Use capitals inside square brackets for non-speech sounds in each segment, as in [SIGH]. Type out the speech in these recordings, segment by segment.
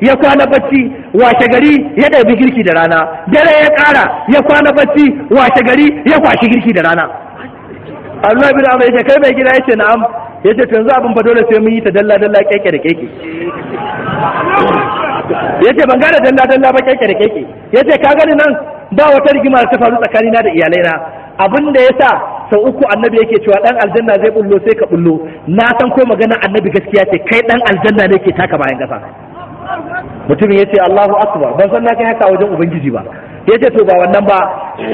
ya kwana bacci washe gari ya ɗabi girki da rana dare ya ƙara ya kwana bacci washe gari ya kwashi girki da rana Allah bin Amr yake kai mai gida yake na'am yace to yanzu abin fa dole sai mun yi ta dalla dalla keke da keke yace ban gane dalla dalla ba keke da keke yace ka gani nan ba wata rigima ta faru tsakanina da iyalaina abin da yasa sau uku annabi yake cewa dan aljanna zai bullo sai ka bullo na san ko magana annabi gaskiya ce kai dan aljanna ne ke taka bayan kasa mutumin ya ce Allahu akbar ban san na kai haka wajen ubangiji ba ya ce to ba wannan ba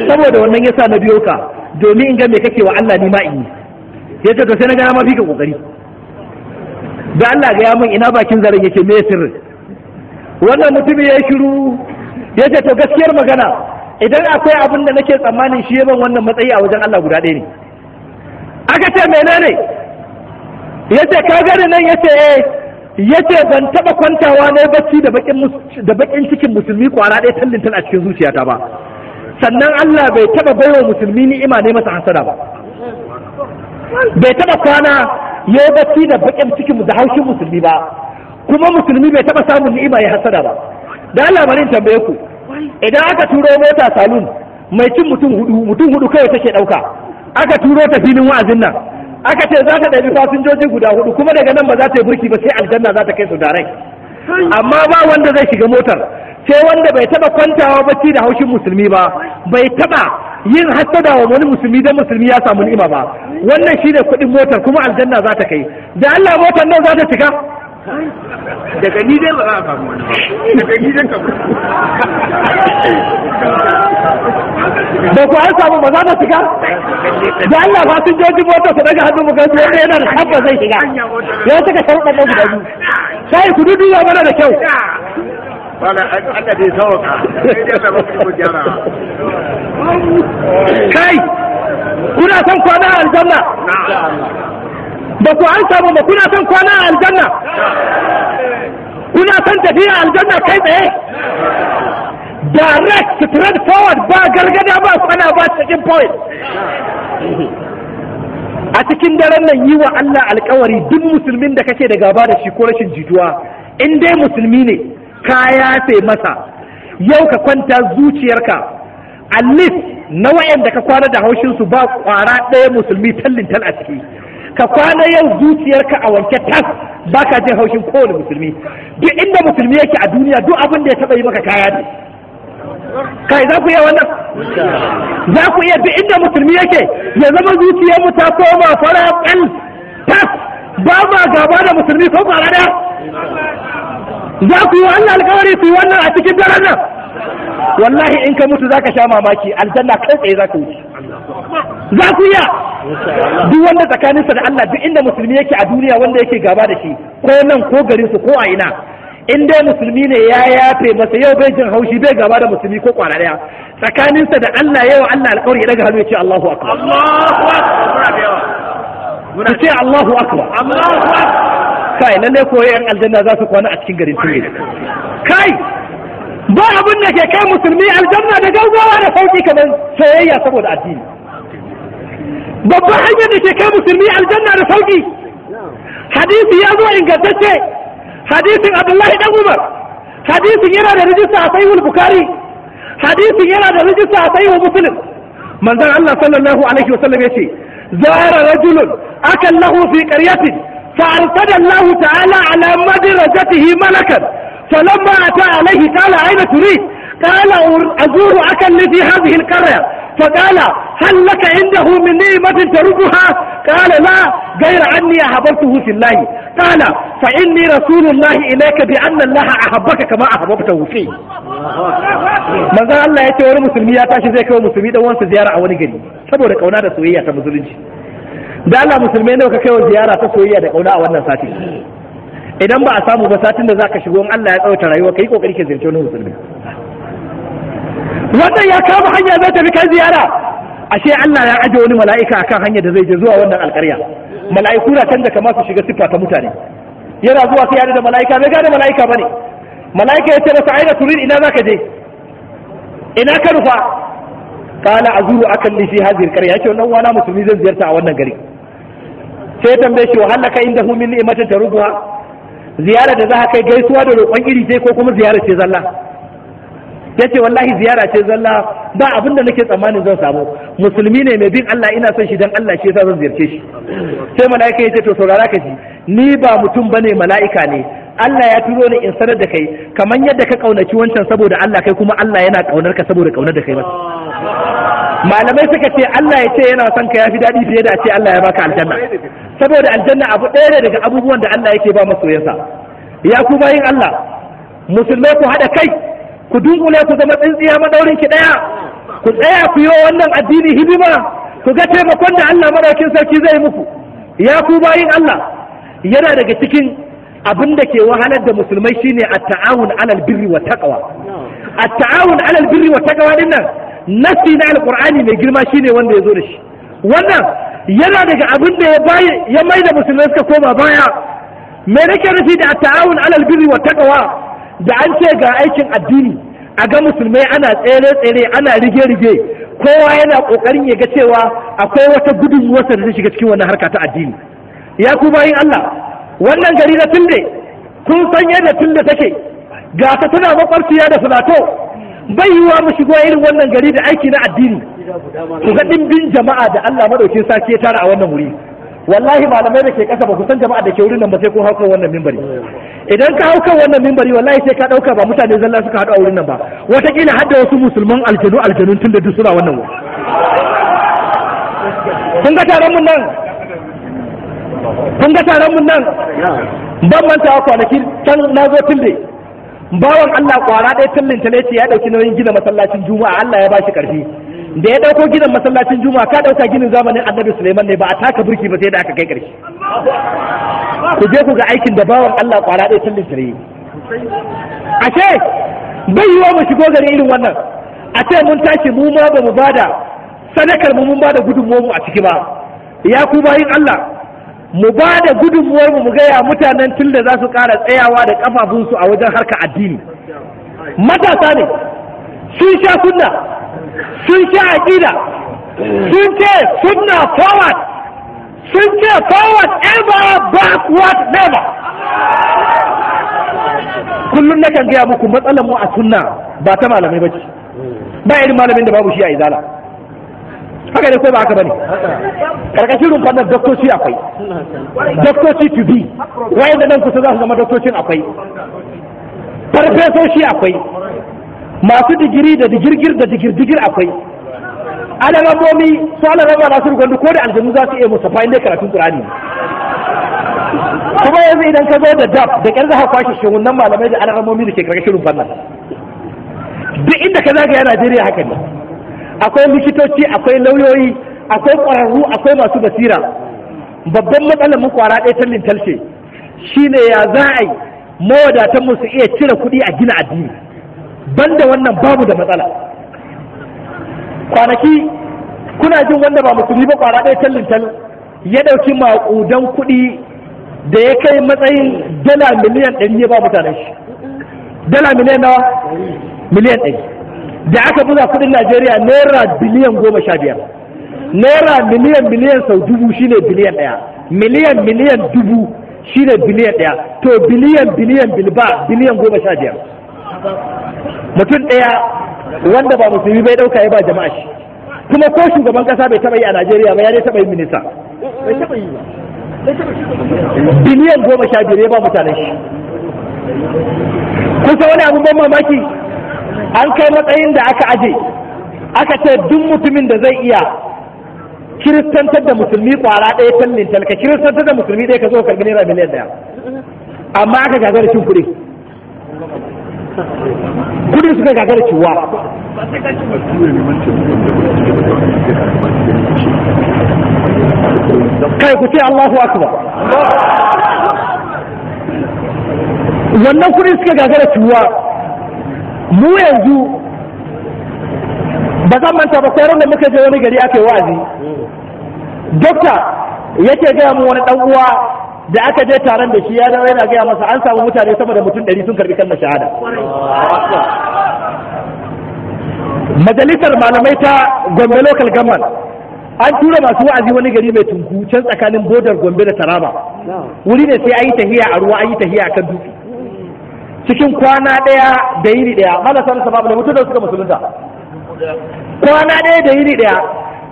saboda wannan yasa na biyo ka domin in ga me kake wa Allah ni ma in ya ce to sai na ga ma fi ka kokari da Allah ga ya min ina bakin zaren yake me sirri wannan mutumin ya shiru ya ce to gaskiyar magana idan akwai abin da nake tsammanin shi ban wannan matsayi a wajen Allah guda ɗaya ne aka ce menene ya ce ka gani nan ya ce eh yace ban taba kwantawa ne bacci da bakin da bakin cikin musulmi kwara ɗaya tallintan a cikin zuciyata ba sannan Allah bai taba baiwa musulmi ni'ima ne masa hasada ba bai taba kwana ya yi bacci da bakin cikin da haushin musulmi ba kuma musulmi bai taba samun ni'ima ya hasada ba da Allah bari in tambaye ku idan aka turo mota salon mai cin mutum hudu mutum hudu kawai take dauka aka turo ta filin wa'azin nan aka ce za ta ɗabi fasinjoji guda hudu kuma daga nan ba za ta yi burki ba sai aljanna za ta kai su darai amma ba wanda zai shiga motar sai wanda bai taba kwantawa bacci da haushin musulmi ba bai taba yin hassada wa wani musulmi dan musulmi ya samu ni'ima ba wannan shi ne kuɗin motar kuma aljanna za ta kai da Allah motar nan za ta shiga daga ni dai ba za a samu wani ba daga ni dai kamar da ku an samu ba za ta shiga da Allah ba sun joji mota su daga hannun muka su wanda yana da haka zai shiga ya saka sharuɗa ɗan guda biyu sai ku dudu ya mana da kyau gyara kai kuna son kwana aljanna ba ku an samu ba kuna son kwana a aljanna kuna son tafiya a aljanna kai tsaye direct straight forward ba gargada ba kwana ba cikin point a cikin daren nan yi wa Allah alkawari duk musulmin da kake da gaba da shi ko rashin jituwa in dai musulmi ne ka yafe masa yau ka kwanta zuciyarka at least na da ka kwana da haushinsu ba kwara ɗaya musulmi tallin tal a ciki ka kwana yau zuciyarka a wanke tas ba ka jin haushin kowane musulmi duk inda musulmi yake a duniya duk abin da ya taɓa yi maka kaya ne kai za ku iya wannan za ku iya duk inda musulmi yake ya zama zuciyar mu ta koma fara kan tas ba ma gaba da musulmi ko fara da za ku yi wannan alkawari su yi wannan a cikin daren nan wallahi in ka mutu za ka sha mamaki aljanna kai tsaye za ka wuce za ku iya duk wanda sa da Allah duk inda musulmi yake a duniya wanda yake gaba da shi ko nan ko garin su ko a ina in dai musulmi ne ya yafe masa yau bai jin haushi bai gaba da musulmi ko kwana daya sa da Allah yau Allah alƙawari ya daga hannu yace ce Allahu akbar Allahu akbar muna ce Allahu akbar Allahu akbar kai lalle ko yan aljanna za su kwana a cikin garin sun kai ba abin da ke kai musulmi aljanna da gaugawa da sauki kamar soyayya saboda addini babban hanyar da ke kai musulmi aljanna da sauki hadisi ya zo ingantacce hadisin abdullahi dan umar hadisin yana da rijista a sahihul bukhari hadisin yana da rijista a sahihul muslim manzon Allah sallallahu alaihi wa wasallam yace zara rajulun akan lahu fi qaryatin فأرسل الله تعالى على مدرجته ملكا فلما أتى عليه قال أين تريد قال أزور أكل في هذه القرية فقال هل لك عنده من نعمة تركها قال لا غير أني أحببته في الله قال فإني رسول الله إليك بأن الله أحبك كما أحببته فيه manzon Allah ya ce wani musulmi ya tashi zai kai musulmi dan wansa ziyara a wani gari saboda kauna da soyayya ta musulunci da Allah musulmai nawa ka kai ziyara ta soyayya da kauna a wannan sati idan ba a samu ba satin da zaka shigo in Allah ya tsawata rayuwa kokari ka ziyarci wani musulmi wannan ya kama hanya zai tafi kai ziyara ashe Allah ya aje wani mala'ika akan hanyar da zai je zuwa wannan alƙarya mala'iku na canza kama su shiga siffa ta mutane yana zuwa sai ya da mala'ika bai gane mala'ika bane mala'ika ya ce masa aina turin ina zaka je ina ka rufa kana azuru akan li fi hadhihi alqarya yake wannan wana musulmi zai ziyarta a wannan gari sai ya tambaye shi wahalla ka inda hum min ni'matin rubuwa, ziyara da za kai gaisuwa da roƙon iri sai ko kuma ziyara ce zalla yace wallahi ziyara ce zalla ba abin da nake tsammanin zan samu musulmi ne mai bin Allah ina son shi dan Allah shi yasa zan ziyarce shi sai mala'ika yace to saurara ka ji ni ba mutum bane mala'ika ne Allah ya turo ni in sanar da kai kamar yadda ka kaunaci wancan saboda Allah kai kuma Allah yana kaunar ka saboda kaunar da kai masa malamai suka ce Allah ya ce yana son ka yafi daɗi fiye da ce Allah ya baka aljanna saboda aljanna abu ɗaya ne daga abubuwan da Allah yake ba masoyansa ya ku bayin Allah musulmai ku haɗa kai ku dunkule ku zama tsintsiya madaurin ki daya ku tsaya ku yi wa wannan addini hidima ku ga taimakon da Allah madaukin sarki zai muku ya ku bayin Allah yana daga cikin abin da ke wahalar da musulmai shine at-ta'awun alal birri wa taqwa at-ta'awun alal birri wa taqwa din nan nasi na alqur'ani mai girma shine wanda ya zo da shi wannan yana daga abin da ya bayi ya mai da musulmai suka koma baya me nake nufi da at-ta'awun alal birri wa taqwa da an ce ga aikin addini a ga musulmai ana tsere-tsere ana rige-rige kowa yana kokarin ya ga cewa akwai wata wasa da ta shiga cikin wannan harka ta addini ya ku bayin Allah wannan gari na tunde kun san yadda tunde take ga ta tana mafarkiya da sulato bai yi wa mu shigo irin wannan gari da aiki na addini ku ga dimbin jama'a da Allah madaukin sarki ya tara a wannan wuri wallahi malamai da ke kasa ba ku san jama'a da ke wurin nan ba sai kun hauka wannan mimbari idan ka hauka wannan mimbari wallahi sai ka dauka ba mutane zalla suka hadu a wurin nan ba wataƙila har da wasu musulman aljanu aljanun tun da duk suna wannan wa. kun ga taron mun nan kun ga taron mun nan ban manta kwanaki can na zo tunde bawan Allah kwara ɗaya tallinta ta ne ya ɗauki nauyin gina masallacin juma'a Allah ya ba shi ƙarfi da ya dauko gidan masallacin juma'a ka dauka ginin zamanin annabi suleiman ne ba a taka burki ba sai da aka kai karshe ku je ku ga aikin da bawan Allah kwara ɗaya tallin tare ashe bai wa mu shigo gari irin wannan a ce mun tashi mu ma ba mu bada sadakar mu mun bada gudunmuwar mu a ciki ba ya ku bayin Allah mu ba da gudunmuwar mu mu gaya mutanen tunda za su ƙara tsayawa da kafafunsu a wajen harka addini matasa ne sun sha kunna. sun ce aƙida sun ce sunna forward sun ce forward ever backward never kullum na kan gaya muku matsalar mu a sunna ba ta malamai ba ci ba irin malamin da babu shi a izala haka ne ko ba haka bane karkashin rumfar nan doktoci akwai doktoci to be wayan da nan kusa za su zama doktocin akwai farfesoshi akwai masu digiri da digirgir da digirgir akwai alalamomi su alalama na su gwandu ko da aljanu za su iya musa bayan dai karatun qur'ani kuma yanzu idan ka zo da dab da kyar za a kwashe shugunan malamai da alalamomi da ke karkashin shirin duk inda ka zagaya najeriya haka ne akwai likitoci akwai lauyoyi akwai kwararru akwai masu basira babban matsalar mu kwara ɗaya tallin shine ya za a yi mawadatan mu su iya cire kuɗi a gina addini banda wannan babu da matsala kwanaki kuna jin wanda ba musulmi ba kwara ɗaya tallin tallin ya ɗauki maƙudan kuɗi da ya kai matsayin dala miliyan ɗari ya ba mutanen shi dala miliyan nawa miliyan ɗari da aka buga kuɗin najeriya naira biliyan goma sha biyar naira miliyan miliyan sau dubu shine biliyan ɗaya miliyan miliyan dubu shine biliyan ɗaya to biliyan biliyan bilba biliyan goma sha biyar mutum ɗaya wanda ba musulmi bai ɗauka ya ba jama'a shi kuma ko shugaban ƙasa bai taɓa yi a Najeriya ba ya dai taɓa yi minista bai taɓa yi biliyan goma sha biyar ya ba mutane shi kusa wani abin ban mamaki an kai matsayin da aka aje aka ce duk mutumin da zai iya kiristantar da musulmi kwara ɗaya tallin talka kiristantar da musulmi ɗaya ka zo karbi naira miliyan ɗaya amma aka gagara cin kuɗi kudin suka gagara ciwa kai ku ce Allahu akbar wannan kudin suka gagara ciwa mu yanzu ba zan manta ba sai da muka je wani gari ake wazi. dokta yake ga mu wani dan uwa da aka je taron da shi ya dawo yana gaya masa an samu mutane sama da mutum ɗari sun karbi kalmar shahada majalisar malamai ta gombe local government an tura masu wa'azi wani gari mai tunku can tsakanin bodar gombe da taraba wuri ne sai an yi tahiya a ruwa ayi yi tahiya a kan dutse cikin kwana ɗaya da yini ɗaya malasa da mutum da suka musulunta kwana ɗaya da yini ɗaya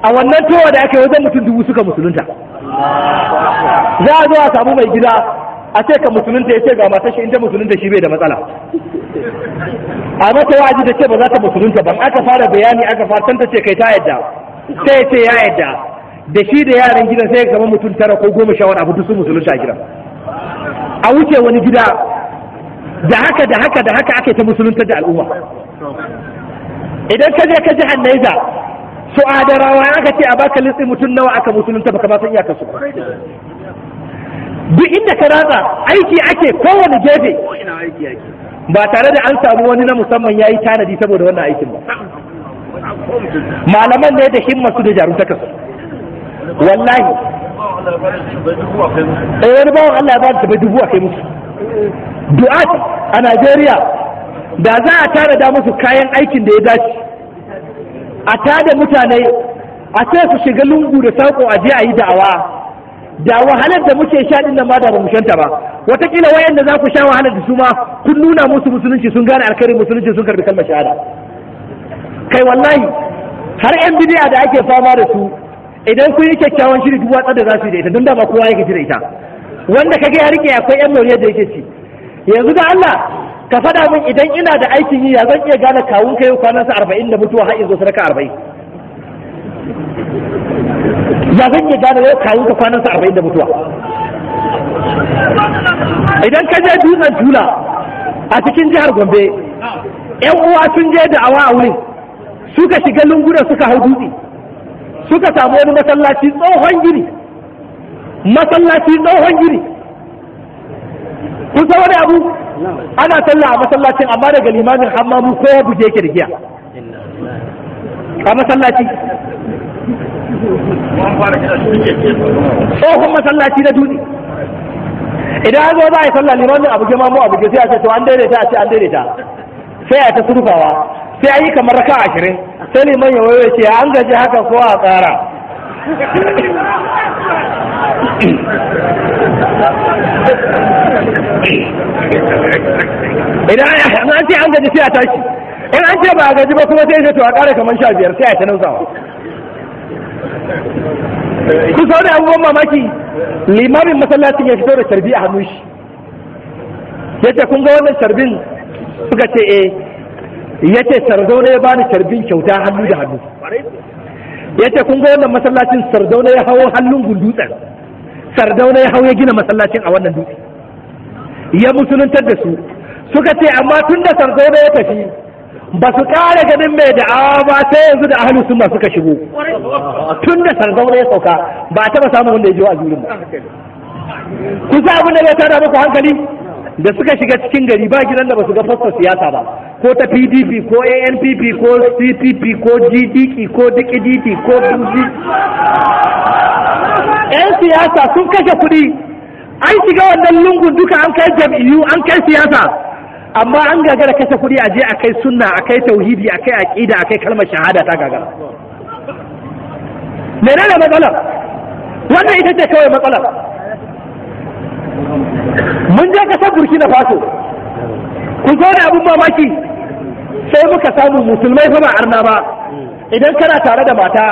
a wannan towa da aka yi wajen mutum dubu suka musulunta za a zo a samu mai gida a ce ka musulunta ya ce ga matar shi inda musulunta shi bai da matsala a mata waji ta ce ba za ta musulunta ba aka fara bayani aka fara tanta ce kai ta yadda sai ce ya yadda da shi da yaran gidan sai zama mutum tara ko goma sha wani abu duk musulunta a gidan a wuce wani gida da haka da haka da haka ake ta musulunta da al'umma idan ka je ka ji hannaiza to rawa ya ce a baka litsi mutum nawa aka musulunta baka ba san iyakar su duk inda ka ratsa aiki ake kowane gefe ba tare da an samu wani na musamman ya yi tanadi saboda wannan aikin ba malaman ne da su da jarumtakar wallahi eh wani bawan Allah ya ba da dubu a kai musu Du'a a Najeriya da za a tara da musu kayan aikin da ya dace a tada mutane a ce su shiga lungu da saƙo a je a yi da'awa da wahalar da muke sha din nan ma da mu shanta ba watakila wayanda za ku sha wahalar da su ma kun nuna musu musulunci sun gane alkhairin musulunci sun karbi kalmar shahada kai wallahi har yan bidiya da ake fama da su idan kun yi kyakkyawan shiri duk watsar da za su yi da ita don da ba kowa yake ji da ita wanda kage ya rike akwai yan moriyar da yake ci yanzu da Allah ka faɗa min idan ina da aikin yi ya zan iya gane kawun kai kwanansa arba'in da mutuwa har izo sadaka arba'in ya zan iya gane yau kawun ka kwanansa arba'in da mutuwa idan ka je dutsen tula a cikin jihar gombe yan uwa sun je da awa a wurin suka shiga lunguna suka hau dutse suka samu wani masallaci tsohon gini masallaci tsohon gini kusa wani abu ana sallah a masallacin amma daga limamin hammamu kowa buje yake da giya a masallaci tsohon masallaci na dutse idan an zo za a yi sallah limamin abu ke mamu abu ke sai a ce to an daidaita a ce an daidaita sai a ta surfawa sai a yi kamar raka ashirin sai liman ya waiwai ce an gaji haka ko a tsara idan an ce an gaji sai a tashi in an ce ba a gaji ba kuma sai zai to a ƙara kamar sha biyar sai a ta nausawa ku sau da abubuwan mamaki limamin masallacin ya fito da sharbi a hannun shi ya ce kun ga wannan sharbin suka ce eh ya ce sardauna ya bani sharbin kyauta hannu da hannu ya ce kun ga wannan masallacin sardauna ya hawo hannun gundutsen sardauna ya hau ya gina masallacin a wannan dutse ya musuluntar da su suka ce amma tun da sarzauna ya tafi ba su kare ganin mai awa ba sai yanzu da ahalus sunna suka shigo tun da sarzauna ya sauka ba a taɓa samun wanda ya jiwa a jurin ba sa abin da ya tara muku hankali da suka shiga cikin gari ba gidan da ba su ga fasta siyasa ba ko ta pdp ko anpp ko cpp ko gdp ko dkdp ko duzi yan siyasa sun kashe kuɗi an shiga wannan lungun duka an kai jam'iyyu an kai siyasa amma an gagara kashe kuɗi a je a kai sunna a kai tauhidi a kai aƙida a kai kalmar shahada ta gagara menene matsalar wannan ita ce kawai matsalar mun je kasar burkina faso ku zo da abin mamaki sai muka samu musulmai fa ba arna ba idan kana tare da mata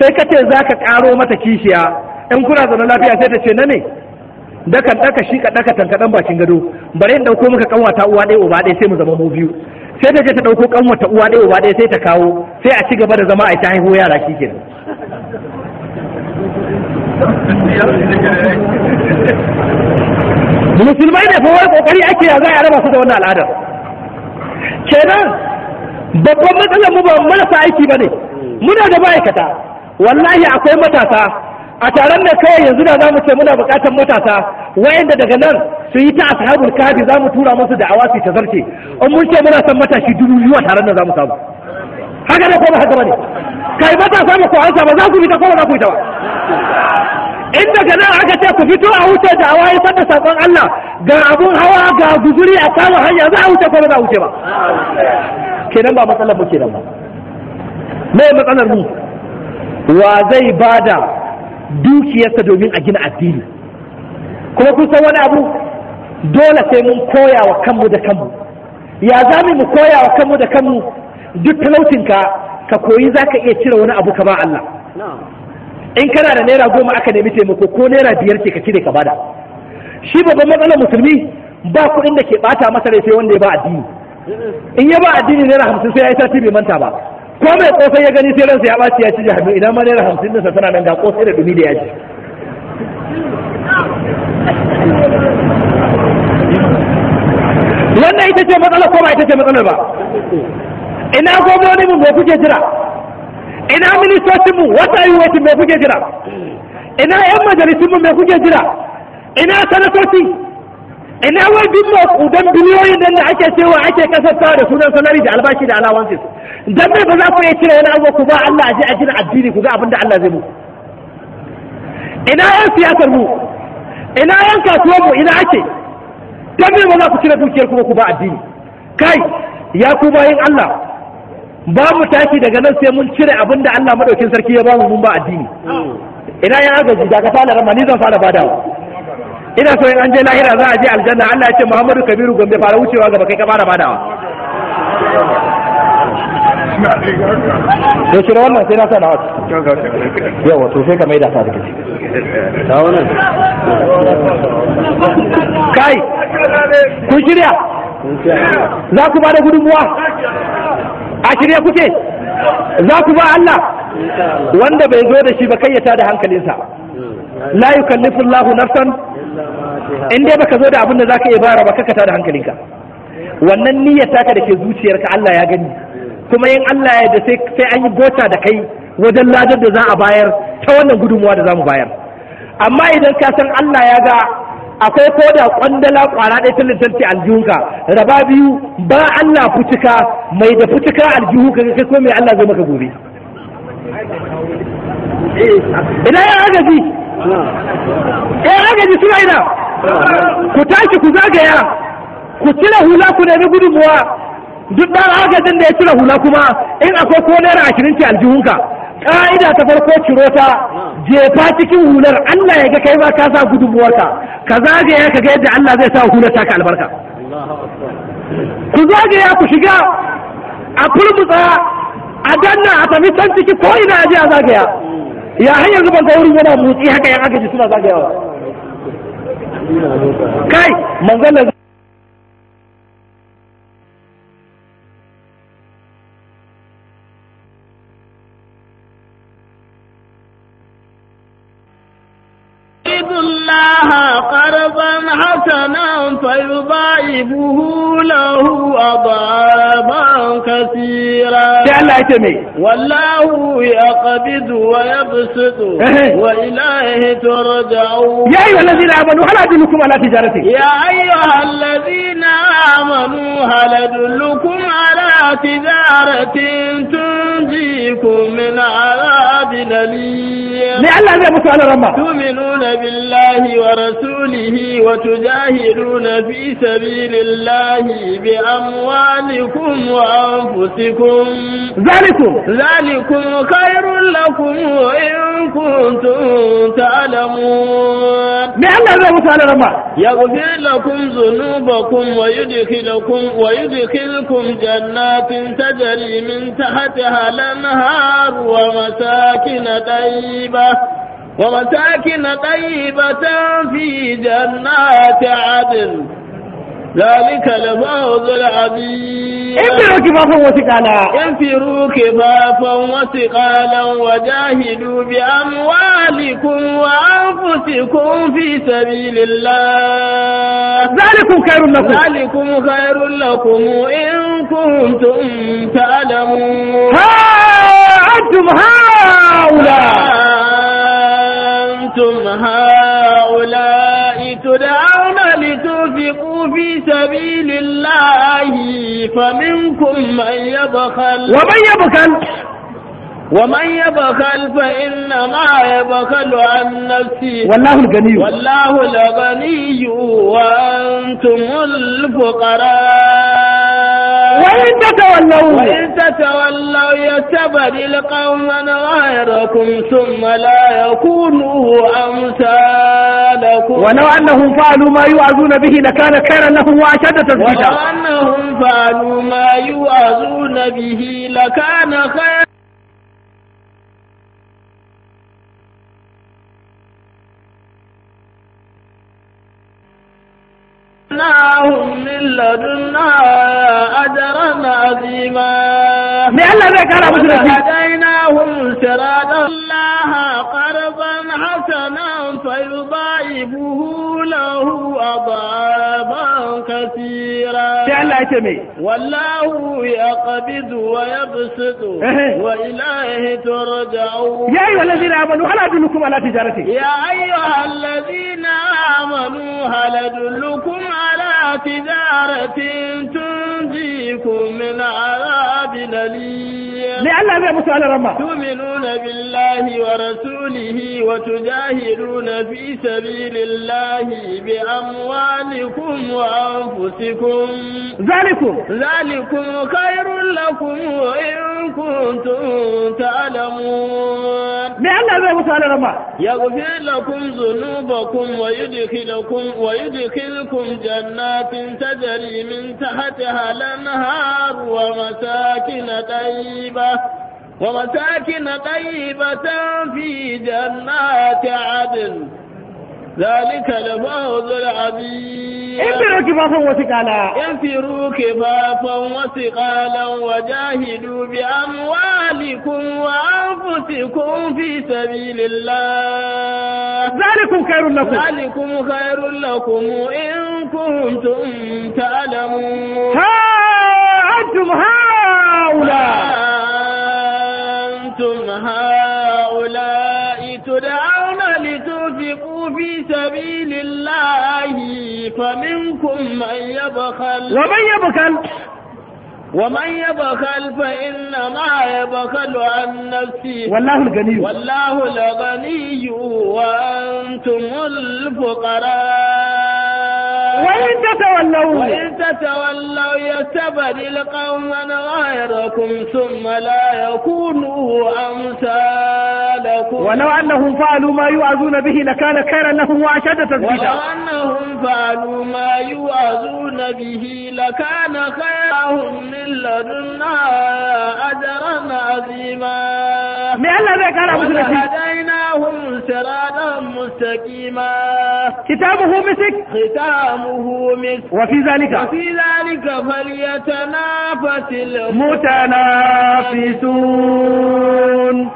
sai ka ce za ka ƙaro mata kishiya in kuna zaune lafiya sai ta ce na ne dakan daka shi ka daka tankadan bakin gado bare in dauko maka kanwata uwa ɗaya uba dai sai mu zama mu biyu sai ta je ta dauko kanwata uwa ɗaya uba dai sai ta kawo sai a ci gaba da zama a ta haihu yara kike. musulmai da fawar kokari ake ya za a raba su da wannan al'adar kenan babban matsalar mu ba marasa aiki bane muna da ma'aikata wallahi akwai matasa a taron ne kawai yanzu da zamu ce muna bukatar matasa wayanda daga nan su yi ta ashabul kafi zamu tura musu da awasi ta zarce in mun ce muna son matashi dubu biyu a taron nan zamu samu haka ne ko ba haka bane kai matasa ba ku ansa ba za ku fita ko ba za ku fita ba in daga nan aka ce ku fito a wuce da awayi sanda sakon Allah ga abun hawa ga guzuri a kama hanya za a wuce ko ba za a wuce ba kenan ba matsalar mu kenan ba me matsalar mu wa zai bada dukiyarsa domin a gina addini kuma kun san wani abu dole sai mun koya wa kanmu da kanmu ya za mu koya wa kanmu da kanmu duk talautinka ka koyi za ka iya cire wani abu ka ba Allah in kana da naira goma aka nemi taimako ko naira biyar ke ka cire ka bada shi babban matsalar musulmi ba kuɗin da ke bata masa rai sai wanda ya ba addini in ya ba addini naira hamsin sai ya yi sarki bai manta ba ko mai kosai ya gani sai ransa ya ɓaci ya ci jahannam idan ma naira hamsin nasa tana nan ga kosai da dumi da yaji wannan ita ce matsala ko ba ita ce matsala ba ina gwamnoni mu me kuke jira ina ministocin mu wata yi wata me kuke jira ina yan majalisun mu me kuke jira ina sanatoci ina wai duk makudan biliyoyin nan da ake cewa ake kasartawa da sunan salari da albashi da alawansu dan ne ba za ku iya cire yana abu ku ba Allah a je a gina addini ku ga abin da Allah zai muku ina yan siyasar mu ina yan kasuwar mu ina ake dan ne ba za ku cire dukiyar kuma ku ba addini kai ya ku bayin Allah ba mu tashi daga nan sai mun cire abin da Allah madaukin sarki ya ba mu mun ba addini mm. ina yan agaji daga fara rama ni zan fara badawa ina so in an je lahira za a je aljanna Allah ya ce Muhammadu Kabiru Gombe fara wucewa gaba kai ka fara badawa to shi wannan sai na sa na wasu yawa to sai ka maida ta da kace ta wannan kai ku shirya za ku ba da gudunmuwa a shirya kuke za ku ba Allah wanda bai zo da shi ba kayyata da hankalinsa la yukallifullahu nafsan in dai baka zo da abin da zaka iya ba ba ta da hankalinka wannan niyyar taka da ke zuciyarka Allah ya gani kuma yin Allah ya da sai an yi bota da kai wajen ladar da za a bayar ta wannan gudunmuwa da za mu bayar amma idan ka san Allah ya ga akwai ko da kwandala kwara ɗaya ta lantarki aljihunka raba biyu ba Allah futuka mai da futuka aljihunka kai ko mai Allah zai maka gobe ina ya agaji eh agaji suna ina ku tashi ku zagaya ku cire hula ku nemi gudunmuwa duk ɗan agajin da ya cire hula kuma in akwai ko naira ashirin ce aljihunka ka'ida ta farko ciro ta jefa cikin hular Allah ya ga kai ma ka sa gudunmuwarka ka zagaya ka ga yadda Allah zai sa hular taka albarka ku zagaya ku shiga a furmutsa a danna a tafi can ciki ko ina a je a zagaya ya hanyar zuban ban yana motsi haka yan agaji suna zagayawa kai manzon nan falbaibuhu lahu adaban kasira sai Allah ya ce me wallahu yaqbidu wa yabsutu wa ilayhi turja'u ya ayyuhal ladina amanu hal adullukum ala tijarati ya ayyuhal ladina amanu hal adullukum ala tijaratin ينجيكم من عذاب أليم تؤمنون بالله ورسوله وتجاهدون في سبيل الله بأموالكم وأنفسكم ذلكم ذلكم خير لكم إن in kuntum ta'lamun me ta zai musu alaran ba ya gubir lakum zunubakum wa yudkhilukum wa yudkhilukum jannatin tajri min tahtiha al-anhar wa masakin tayyiba wa masakin tayyibatan fi jannati 'adn ذلك الموز العظيم انفروا كفافا وثقالا انفروا كفافا وثقالا وجاهدوا بأموالكم وأنفسكم في سبيل الله ذلكم خير لكم ذلكم خير لكم إن كنتم تعلمون ها أنتم هؤلاء أنتم هؤلاء تدعون في سبيل الله فمنكم من يبخل ومن يبخل ومن يبخل فإنما يبخل عن نفسه والله الغني والله الغني وأنتم الفقراء وإن تتولوا وإن تتولوا يستبدل قوما غيركم ثم لا يكونوا أمثالكم ولو أنهم فعلوا ما يوعظون به لكان خيرا لهم وأشد تثبيتا ولو أنهم فعلوا ما يوعظون به لكان خيرا نعهم من لدنا أجرا عظيما هديناهم صراطا الله قرضا حسنا فيضاعفه له أضعافا كثيرا والله يقبض ويبسط وإليه ترجعون يا أيها الذين آمنوا هل أدلكم على تجارة يا أيها الذين آمنوا آمنوا هل أدلكم على تجارة تنتم Ni Allah zai musu alaran ba. Tuminuna billahi wa rasulihi wa tujahiduna fi sabilillahi bi amwalikum wa anfusikum. Zalikum. Zalikum khairun lakum wa in kuntum ta'lamun. Ni Allah zai musu alaran ba. Ya gufir lakum zunubakum wa wa yudkhilukum jannatin tajri min tahtiha الأنهار ومساكن طيبة ومساكن طيبة في جنات عدن ذلك الفوز العظيم انفروا كفافا وثقالا انفروا كفافا وثقالا وجاهدوا بأموالكم وأنفسكم في سبيل الله ذلكم خير لكم ذلكم خير لكم إن كنتم تعلمون ها أنتم هؤلاء في سبيل الله فمنكم من يبخل ومن يبخل ومن يبخل فإنما يبخل عن نفسه والله الغني والله الغني وأنتم الفقراء وإن تتولوا وإن تتولوا يستبدل قوما غيركم ثم لا يكونوا أمثالكم ولو أنهم فعلوا ما يوعظون به لكان خيرا لهم وأشد تثبيتا ولو أنهم فعلوا ما يوعظون به لكان خيرا لهم من لدنا أجرا عظيما me الذي كان kara musu da shi hadainahum مسك ختامه وجزاؤه مثل وفي ذلك وفي ذلك فليتنافس المتنافسون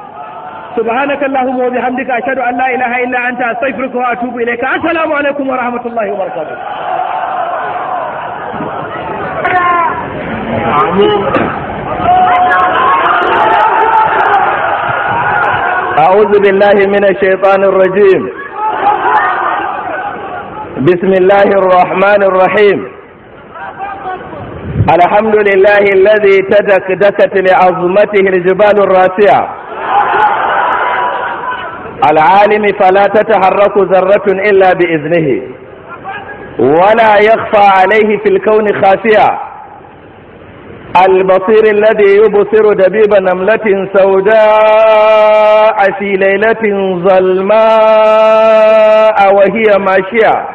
سبحانك اللهم وبحمدك أشهد أن لا إله إلا أنت أستغفرك وأتوب إليك السلام عليكم ورحمة الله وبركاته أعوذ بالله من الشيطان الرجيم بسم الله الرحمن الرحيم الحمد لله الذي تدكدكت لعظمته الجبال الراسعة العالم فلا تتحرك ذرة إلا بإذنه ولا يخفى عليه في الكون خافية البصير الذي يبصر دبيب نملة سوداء في ليلة ظلماء وهي ماشية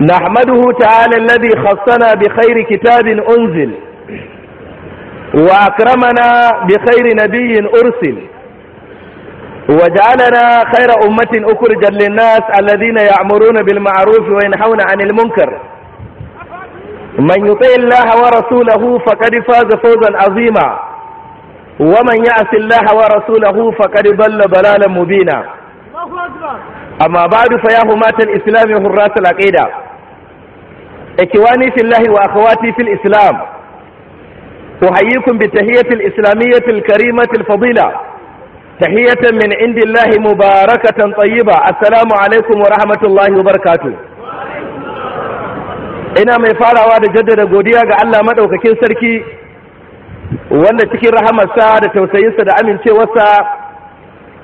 نحمده تعالى الذي خصنا بخير كتاب أنزل وأكرمنا بخير نبي أرسل وجعلنا خير أمة اخرجت للناس الذين يأمرون بالمعروف وينحون عن المنكر من يطع الله ورسوله فقد فاز فوزا عظيما ومن يعص الله ورسوله فقد ضل ضلالا مبينا أما بعد فيا همات الإسلام حراس العقيدة ikiwani fillahi wa akhawati fil islam uhayyikum bi tahiyyati al islamiyyati al karimati al fadila tahiyyatan min indillahi mubarakatan tayyiba assalamu alaikum wa rahmatullahi wabarkatu. ina mai farawa da jaddada godiya ga Allah madaukakin sarki wanda cikin rahamarsa da tausayinsa da amincewarsa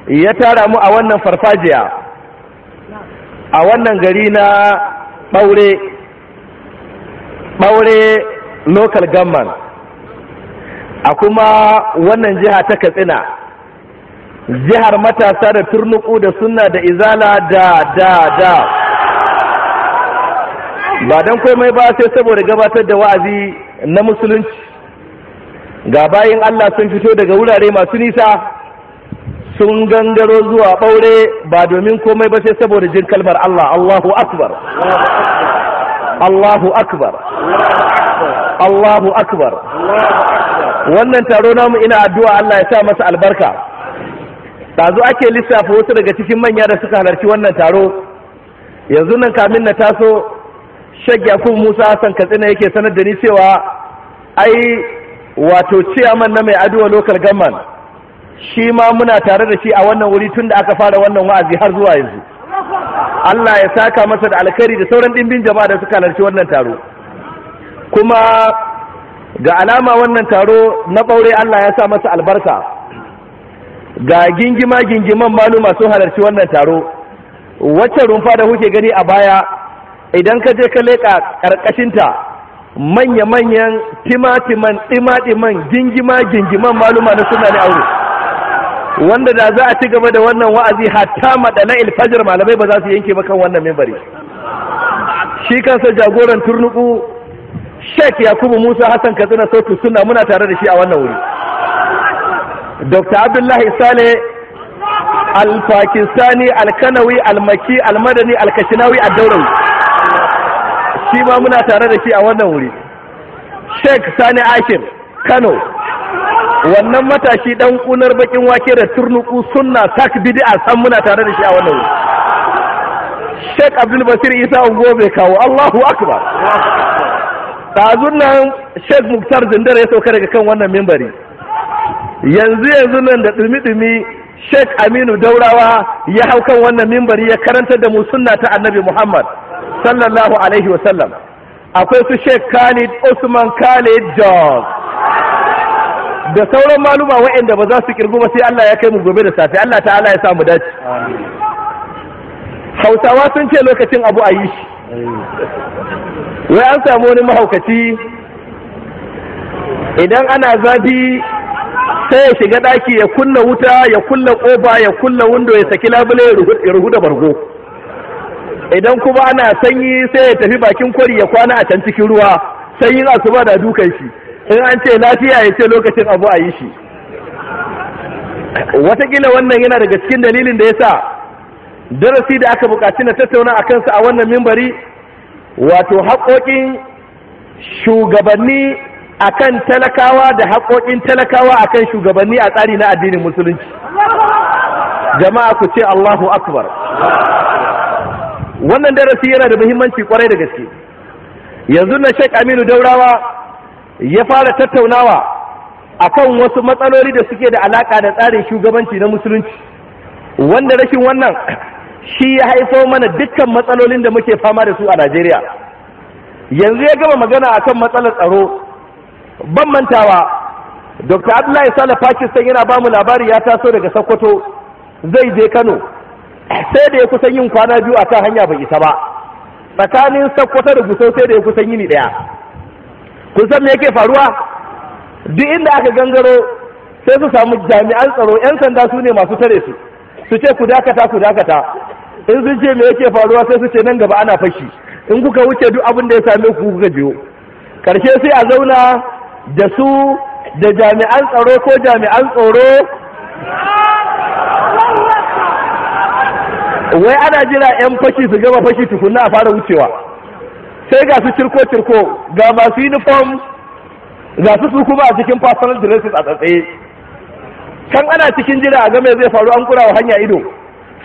ya tara mu a wannan farfajiya a wannan gari na ɓaure ɓaure local government a kuma wannan jiha ta katsina jihar matasa da turnuku da suna da izala da da da ba don komai ba sai saboda gabatar da wa'azi na musulunci ga bayan allah sun fito daga wurare masu nisa sun gangaro zuwa ɓaure ba domin komai ba sai saboda jin kalmar allah allahu akbar Allahu akbar Allahu akbar wannan taro namu ina addu'a Allah ya sa masa albarka dazu ake lissafa wasu daga cikin manya da suka halarci wannan taro yanzu nan kamin na taso shag yakub musa hassan katsina yake sanar da ni cewa ai wato ciyaman na mai addu'a local gamman shi ma muna tare da shi a wannan wuri tun da aka fara wannan wa'azi har zuwa yanzu Allah ya saka masa da alkhairi da sauran ɗimbin jama'a da suka halarci wannan taro kuma ga alama wannan taro na ɓaure Allah ya sa masa albarka ga gingima gingiman malu sun halarci wannan taro wacce rumfa da kuke gani a baya idan ka je ka leƙa ƙarƙashinta manya-manyan timatiman ɗima-ɗiman gingima gingiman maluma na suna ne aure wanda da za a ci gaba da wannan wa'azi hatta madana ilfajar malamai ba za su yanke ba kan wannan membari shi kansa jagoran turnuku Sheikh Yakubu Musa Hassan Katsina Sautu suna muna tare da shi a wannan wuri Dr. Abdullahi Sale Al-Pakistani Al-Kanawi Al-Maki Al-Madani Al-Kashinawi shi ma muna tare da shi a wannan wuri shek Sani Ashir Kano wannan matashi ɗan kunar bakin wake da turnuku sunna tak bid'a san muna tare da shi a wannan wuri Sheikh Abdul Basir Isa Ungo bai kawo Allahu akbar tazun nan Sheikh Muktar Zindar ya sauka daga kan wannan mimbari yanzu yanzu nan da dumi dumi Sheikh Aminu Daurawa ya hau kan wannan mimbari ya karantar da mu sunna ta Annabi Muhammad sallallahu alaihi wa sallam akwai su Sheikh Khalid Usman Khalid Jones da sauran maluma waɗanda ba za su kirgu ba sai Allah ya kai mu gobe da safe Allah ta'ala ya sa mu dace hausawa sun ce lokacin abu a yi shi wai an samu wani mahaukaci idan ana zabi sai ya shiga ɗaki ya kunna wuta ya kulla ƙofa ya kulla windo ya saki labule ya ruhu da bargo idan kuma ana sanyi sai ya tafi bakin kwari ya kwana a can cikin ruwa sanyin asuba da dukan shi in an ce lafiya ya ce lokacin abu a yi shi watakila wannan yana daga cikin dalilin da ya sa darasi da aka bukaci na tattauna a kansa a wannan mimbari wato haƙoƙin shugabanni a kan talakawa da haƙoƙin talakawa a kan shugabanni a tsari na addinin musulunci jama'a ku ce Allahu akbar wannan darasi yana da muhimmanci kwarai da gaske yanzu na Sheikh Aminu Daurawa ya fara tattaunawa akan wasu matsaloli da suke da alaka da tsarin shugabanci na musulunci wanda rashin wannan [CLEARS THROAT] shi ya haifo mana dukkan matsalolin da muke fama da su a Najeriya yanzu ya gama magana akan matsalar tsaro ban mantawa Dr. Abdullahi Sale Pakistan yana ba mu labari ya taso daga Sokoto zai je Kano [CLEARS THROAT] sai da ya kusan yin kwana biyu a kan hanya bai isa ba tsakanin Sokoto da Gusau sai da ya kusan yini ɗaya. kun san me yake faruwa duk inda aka gangaro sai su samu jami'an tsaro 'yan sanda su ne masu tare su su ce ku dakata ku dakata in sun ce me yake faruwa sai su ce nan gaba ana fashi in kuka wuce duk abin da ya same ku kuka jiyo karshe sai a zauna da su da jami'an tsaro ko jami'an tsoro wai ana jira 'yan fashi su gama fashi tukunna a fara wucewa sai ga su cirko-cirko ga masu uniform ga su su kuma a cikin personal dresses a tsatsaye can ana cikin jira a game zai faru an kura wa hanya ido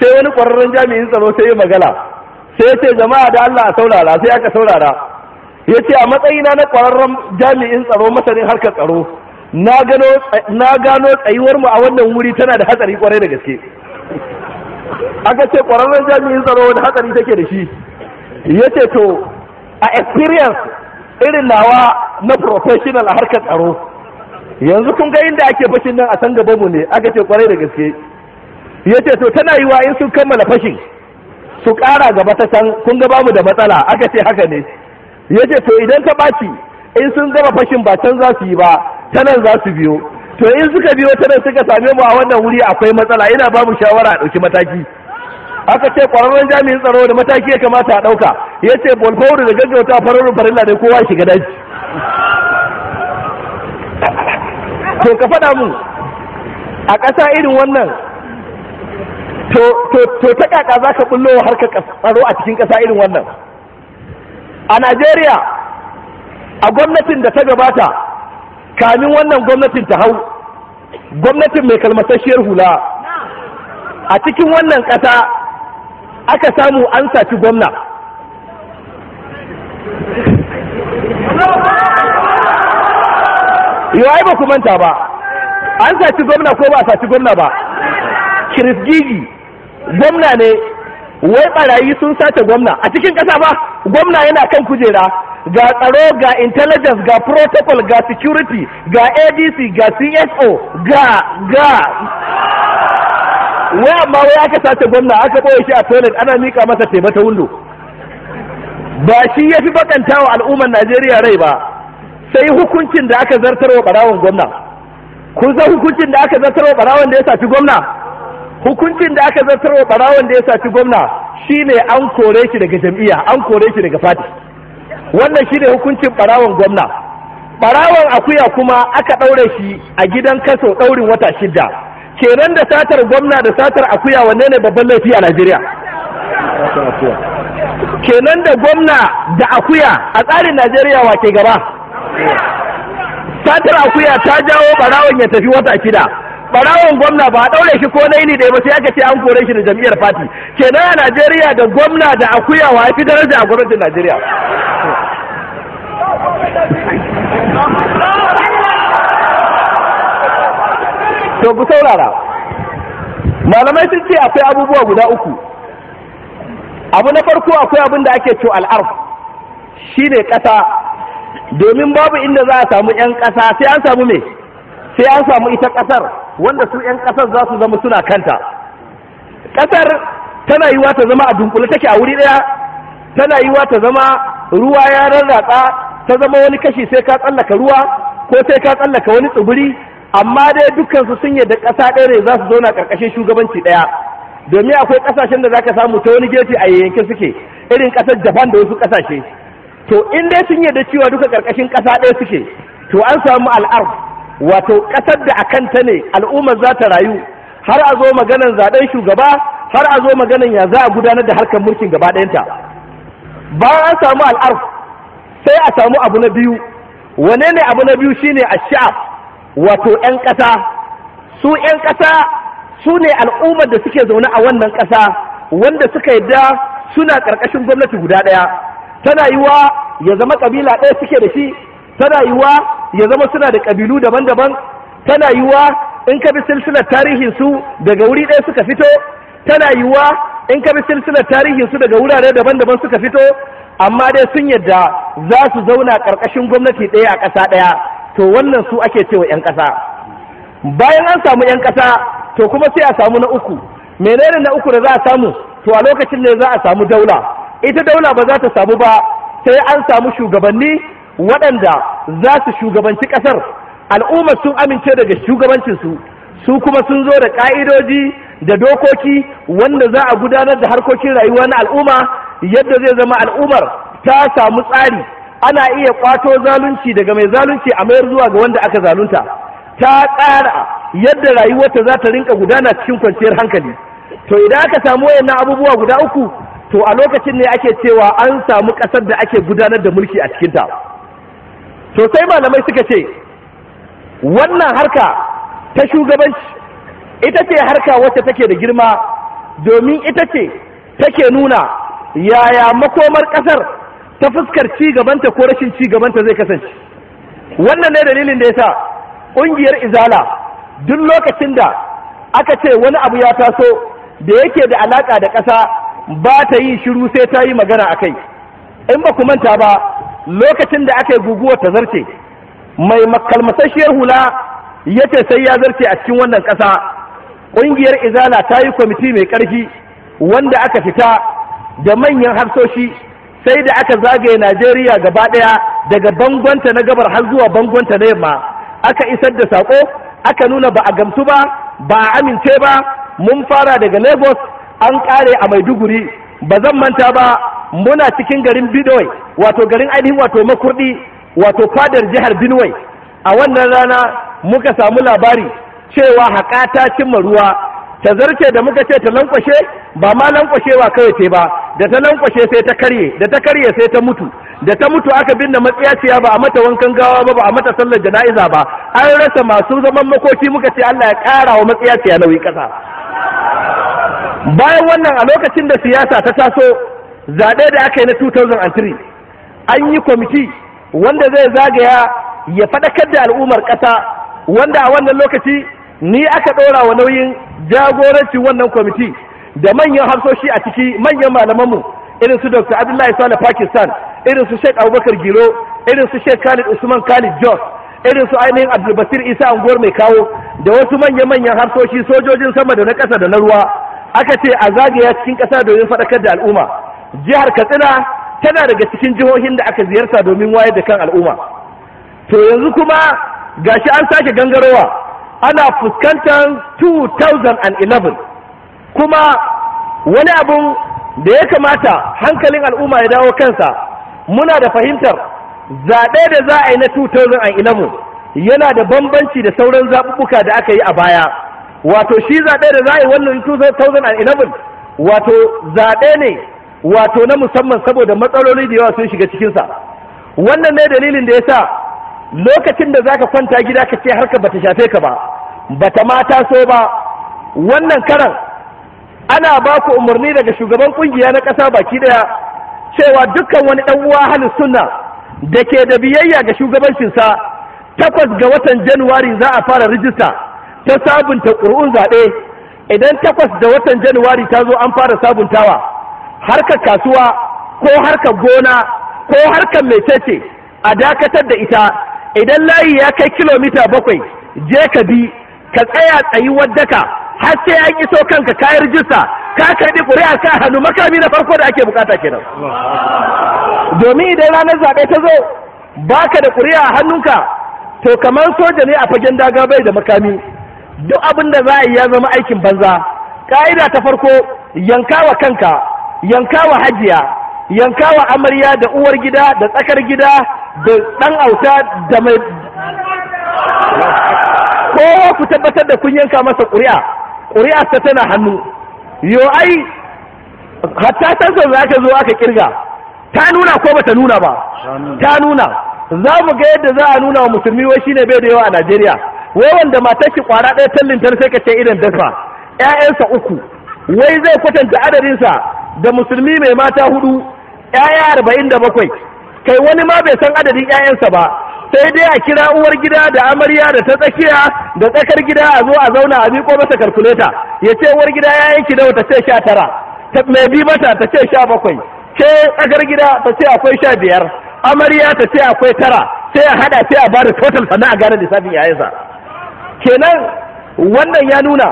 sai wani ƙwararren jami'in tsaro sai ya magana sai ce jama'a da Allah a saurara sai aka saurara ya ce a matsayina na ƙwararren jami'in tsaro masanin harkar tsaro na gano tsayuwar mu a wannan wuri tana da hatsari kwarai da gaske aka ce ƙwararren jami'in tsaro wani hatsari take da shi ya ce to a experience irin nawa na professional a harkar tsaro yanzu kun ga inda ake fashin nan a san gaba mu ne aka ce kwarai da gaske ya ce to tana yiwa in sun kammala fashin su kara gaba ta can kun ga bamu da matsala aka ce haka ne ya ce to idan ta ɓaci in sun gama fashin ba can za su yi ba tanan nan za su biyo to in suka biyo ta suka same mu a wannan wuri akwai matsala ina bamu shawara a ɗauki mataki aka ce kwararren jami'in tsaro da mataki ya kamata a ɗauka ya ce bolfauri da gaggauta fararru farilla da kowa shiga daji to ka faɗa mu a ƙasa irin wannan to ta ƙaƙa za ka ɓullo harkar tsaro a cikin ƙasa irin wannan a najeriya a gwamnatin da ta gabata kamin wannan gwamnatin ta hau gwamnatin mai kalmasasshiyar hula a cikin wannan ƙasa aka samu an saci gwamna yawai ba ku manta ba an saci gwamna ko ba saci gwamna ba gigi. gwamna ne wai barayi sun sace gwamna a cikin ƙasa ba gwamna yana kan kujera ga tsaro ga intelligence ga protocol ga security ga adc ga cso ga ga wai amma wai aka sace gwamna aka ɓoye shi a toilet ana mika masa teba ta ba shi ya fi bakanta wa al'ummar Najeriya rai ba sai hukuncin da aka zartarwa barawon gwamna kun san hukuncin da aka zartarwa barawon da ya safi gwamna hukuncin da aka zartarwa barawon da ya safi gwamna shine an kore shi daga jam'iyya an kore shi daga fati wannan shine hukuncin barawon gwamna barawon akuya kuma aka ɗaure shi a gidan kaso ɗaurin wata shidda kenan da satar gwamna da satar akuya wanne ne babban laifi a Najeriya kenan da gwamna da akuya a tsarin Najeriya wa ke gaba satar akuya ta jawo barawon ya tafi wata kida barawon gwamna ba a daure shi ko naini da ba sai aka ce an kore shi da jam'iyyar fati kenan a Najeriya da gwamna da akuya wa fi daraja a gwamnatin Najeriya to bu saurara malamai sun ce akwai abubuwa guda uku abu na farko akwai abin da ake to al'arf shine ƙasa domin babu inda za a samu 'yan ƙasa sai an samu me sai an samu ita ƙasar wanda su 'yan ƙasar za su zama suna kanta ƙasar tana yiwa ta zama a dunkule take a wuri ɗaya tana yiwa ta zama ruwa ya rarraka ta zama wani kashi sai ka tsallaka ruwa ko sai ka tsallaka wani tsibiri amma dai dukansu sun yadda ƙasa ɗaya ne za su zauna ƙarƙashin shugabanci ɗaya domin akwai ƙasashen da za ka samu ta wani gefe a yayyanke suke irin ƙasar japan da wasu ƙasashe to in dai sun yadda cewa duka ƙarƙashin ƙasa ɗaya suke to an samu al'ar wato ƙasar da a ta ne al'ummar za ta rayu har a zo maganar zaɗen shugaba har a zo maganar ya za a gudanar da harkar mulkin gaba ɗayanta bayan an samu al'ar sai a samu abu na biyu wane ne abu na biyu shine a sha'af wato 'yan ƙasa su 'yan ƙasa su ne al'ummar da suke zaune a wannan ƙasa wanda suka yadda suna ƙarƙashin gwamnati guda ɗaya tana yi wa ya zama ƙabila ɗaya suke da shi tana yi wa ya zama suna da ƙabilu daban-daban tana yi wa in ka bi silsilar tarihin daga wuri ɗaya suka fito tana yi wa in ka bi silsilar tarihin su daga wurare daban-daban suka fito amma dai sun yadda za su zauna ƙarƙashin gwamnati ɗaya a ƙasa ɗaya to wannan su ake cewa 'yan ƙasa bayan an samu 'yan ƙasa to kuma sai a samu na uku menene na uku da za a samu to a lokacin ne za a samu daula ita daula ba za ta samu ba sai an samu shugabanni waɗanda za su shugabanci ƙasar al'umma sun amince daga shugabancinsu su kuma sun zo da ƙa'idoji da dokoki wanda za a gudanar da harkokin rayuwa na al'umma yadda zai zama al'ummar ta samu tsari ana iya kwato zalunci daga mai zalunci a mayar zuwa ga wanda aka zalunta ta tsara yadda rayuwarta za ta rinka gudana cikin kwanciyar hankali to idan aka samu wayannan abubuwa guda uku to a lokacin ne ake cewa an samu ƙasar da ake gudanar da mulki a cikinta to sai malamai suka ce wannan harka ta shugabanci ita ce harka wacce take da girma domin ita ce take nuna yaya makomar ƙasar ta fuskar ci gabanta ko rashin ci gabanta zai kasance wannan ne dalilin da ya sa ƙungiyar izala duk lokacin da aka ce wani abu ya taso da yake da alaƙa da ƙasa ba ta yi shiru sai ta yi magana a kai in ba ku manta ba lokacin da aka yi guguwar ta zarce mai makalmasasshiyar hula ya ce sai ya zarce a cikin wannan ƙasa ƙungiyar izala ta yi kwamiti mai ƙarfi wanda aka fita da manyan harsoshi. sai da aka zagaye Najeriya gaba ɗaya daga bangonta na gabar har zuwa bangonta na yamma aka isar da sako aka nuna ba a gamsu ba ba a amince ba mun fara daga Lagos an ƙare a Maiduguri ba zan manta ba muna cikin garin Bidoy wato garin ainihin wato makurdi wato fadar jihar Benue a wannan rana muka samu labari cewa haƙa ta cimma ruwa ta zarce da muka ce ta lankwashe ba ma lankwashewa kawai ce ba da ta lankwashe sai ta karye da ta karye sai ta mutu da ta mutu aka binne matsiyaciya ba a mata wankan gawa ba ba a mata sallar jana'iza ba an rasa masu zaman makoki muka ce Allah ya ƙara wa matsiyaciya nauyi ƙasa bayan wannan a lokacin da siyasa ta taso zaɓe da aka yi na 2003 an yi kwamiti wanda zai zagaya ya faɗakar da al'ummar ƙasa wanda a wannan lokaci ni aka ɗora wa nauyin jagorancin wannan kwamiti da manyan hafsoshi a ciki manyan malamanmu irin su dr abdullahi sale pakistan irin su sheikh abubakar giro irin su sheikh khalid usman khalid jos irin su ainihin abdulbasir isa anguwar mai kawo da wasu manyan manyan hafsoshi sojojin sama da na ƙasa da na ruwa aka ce a zagaya cikin ƙasa domin faɗakar da al'umma jihar katsina tana daga cikin jihohin da aka ziyarta domin wayar da kan al'umma to yanzu kuma gashi an sake gangarowa ana fuskantar 2011 kuma wani abun da ya kamata hankalin al'umma ya dawo kansa muna da fahimtar zaɓe da za a yi na 2011 yana da bambanci da sauran zaɓuɓɓuka da aka yi a baya wato shi zaɓe da za a yi wannan 2011 wato zaɓe ne wato na musamman saboda matsaloli da yawa sun shiga cikinsa wannan ne dalilin da ya sa lokacin da zaka kwanta gida ka ce harka bata shafe ka ba bata ma taso ba wannan karan ana ba ku umarni daga shugaban kungiya na ƙasa baki daya cewa dukkan wani ɗan uwa halin sunna da ke da biyayya ga shugabancinsa takwas ga watan januwari za a fara rijista ta sabunta ƙuri'un zaɓe idan takwas da watan januwari ta zo an fara sabuntawa harkar kasuwa ko harkar gona ko harkar mai a dakatar da ita idan layi ya kai kilomita bakwai je ka bi ka tsaya tsayi waddaka har sai an iso kanka kayar rijista ka karɓi ƙuri'a ka hannu makami na farko da ake bukata kenan domin idan ranar zaɓe ta zo baka da ƙuri'a a hannunka to kamar soja ne a fagen daga bai da makami duk abin da za a yi ya zama aikin banza ƙa'ida ta farko yankawa kanka yankawa hajiya yankawa amarya da uwar gida da tsakar gida da dan auta da mai kowa ku tabbatar da kun yanka masa ƙuri'a ƙuri'a ta tana hannu yo ai hatta tansan za ka zo aka kirga ta nuna ko bata nuna ba ta nuna za mu ga yadda za a nuna wa musulmi wai shine bai da yawa a Najeriya wai wanda matar ki kwara ɗaya tallin tar sai ka ce idan dafa ƴaƴansa uku wai zai kwatanta adadinsa da musulmi mai mata hudu ƴaƴa arba'in da bakwai kai wani ma bai san adadin 'ya'yansa ba sai dai a kira uwar gida da amarya da ta tsakiya da tsakar gida a zo a zauna a miƙo masa kalkuleta ya ce uwar gida ya yanki nawa ta ce sha tara mai bi mata ta ce sha bakwai ke tsakar gida ta ce akwai sha biyar amarya ta ce akwai tara sai a haɗa sai a ba da total sannan a gane lissafin yayansa kenan wannan ya nuna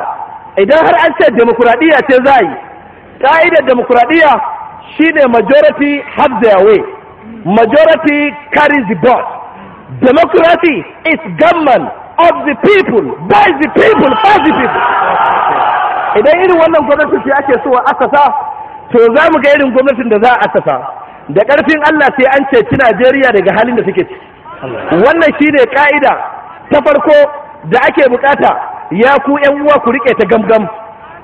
idan har an ce demokuraɗiyya ce za a yi ƙa'idar demokuraɗiyya shine majority have their way majority carries the board. Democracy is government of the people, by the people, for the people. Idan irin wannan gwamnatin ce ake so a asasa, to za mu ga irin gwamnatin da za a asasa. Da ƙarfin Allah sai an ceci Najeriya daga halin da suke ci. Wannan shi ne ƙa'ida ta farko da ake bukata ya ku ‘yan uwa ku riƙe ta gamgam.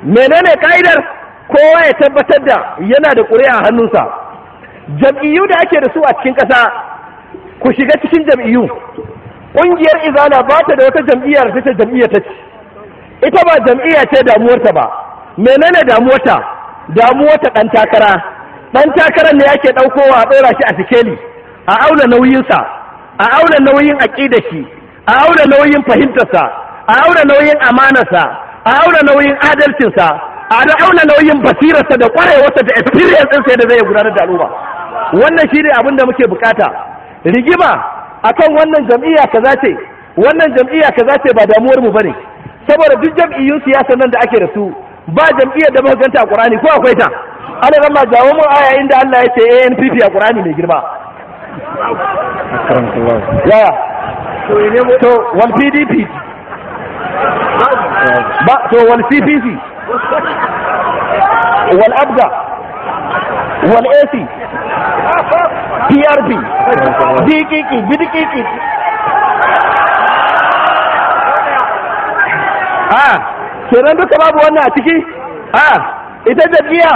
Menene ƙa'idar? Kowa ya tabbatar da yana da ƙuri'a hannunsa. jam'iyyu da ake da su a cikin ƙasa ku shiga cikin jam'iyyu ƙungiyar izana ba ta da wata jam'iyyar ta ce jam'iyyar ta ce ita ba jam'iyya ce damuwarta ba menene damuwarta damuwarta ɗan takara ɗan takarar ne yake ɗaukowa a ɗora shi a sikeli a auna nauyinsa a auna nauyin aƙidar shi a auna nauyin fahimtarsa a auna nauyin amanarsa a auna nauyin adalcinsa A da auna nauyin basirarsa da kwarewarsa da experience ɗinsa da zai gudanar da al'umma wannan shi ne abin da muke bukata rigima akan wannan jam'iyya kaza ce wannan jam'iyya kaza ce ba damuwar mu ba ne? saboda duk jam'iyyun siyasa nan da ake da su ba jam'iyyar da muka ganta a Qur'ani ko akwai ta ana ran ma jawo mu aya inda Allah ya ce ANPP a Qur'ani mai girma ya to wal PDP ba to wal CPC wal abga wal كي بي dkk كي a kenan duka babu wannan a ciki a ita jabiya.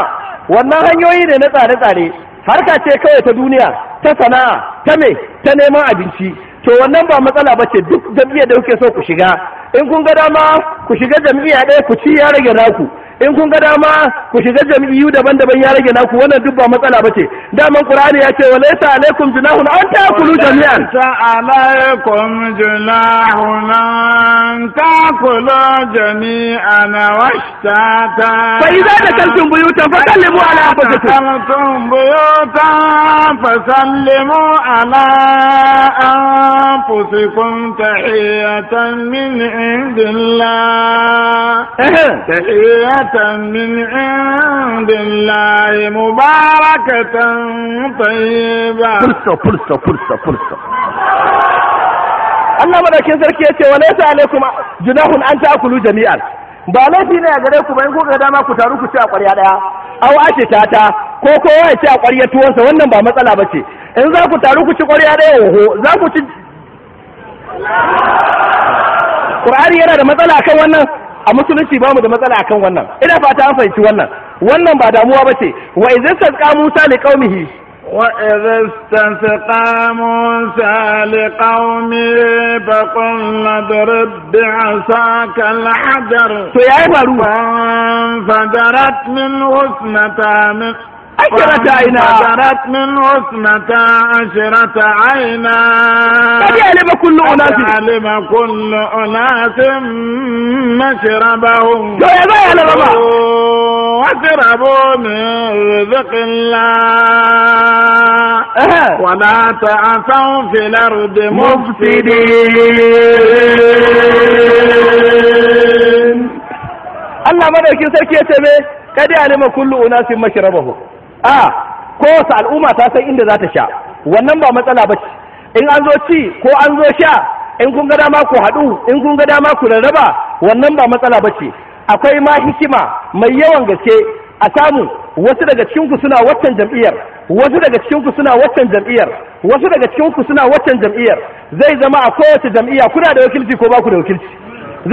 wannan hanyoyi ne na tsare-tsare harka ce kawai ta duniya ta sana'a ta mai ta neman abinci to wannan ba matsala ba ce duk jam'iyyar da kuke so ku shiga in kun ga dama ku shiga jam'iyya ɗaya ku ci ya rage naku in kun ga dama ku shiga jam'iyyu daban-daban ya rage naku wannan duk ba matsala bace daman qur'ani ya ce walaysa alaikum junahun an ta'kulu jami'an ta alaikum junahun an ta'kulu jami'an washtata fa idza dakaltum buyutan fasallimu ala anfusikum buyutan fasallimu ala anfusikum tahiyatan min indillah tahiyatan من عند الله مباركة طيبة فرصة فرصة فرصة فرصة Allah madaukin sarki ya ce walaisa alaikum junahun an ta'kulu jami'an ba laifi ne a gare ku bayan kuka dama ku taru ku ci a ƙwarya daya aw ashe tata ko kowa ya ci a ƙwarya tuwonsa wannan ba matsala ba ce. in za ku taru ku ci ƙwarya daya oho za ku ci Qur'ani yana da matsala kan wannan a musulunci bamu da matsala akan wannan ina fata an fahimci wannan wannan ba damuwa ba ce wa idan sanqa musa li qaumihi wa idan sanqa musa li qaumihi fa qul ladrib bi asaka al hajar to yayi faru fa darat min usmata min عشرة عينا فانفجرت منه اثنتا عشرة عينا قد علم كل أناس قد علم كل أناس مشربهم يا يا واشربوا من رزق الله أه. ولا تعثوا في الأرض مفسدين الله ملك سكيت به قد علم كل أناس مشربهم a kowace al'umma ta san inda za ta sha wannan ba matsala ba ce in an zo ci ko an zo sha in kun ga dama ku haɗu in kun ga dama ku rarraba wannan ba matsala ba ce akwai ma hikima mai yawan gaske a samu wasu daga cikinku suna waccan jam'iyyar wasu daga cikinku suna waccan jam'iyyar wasu daga cikinku suna waccan jam'iyyar zai zama a kowace jam'iyya kuna da wakilci ko ba ku da wakilci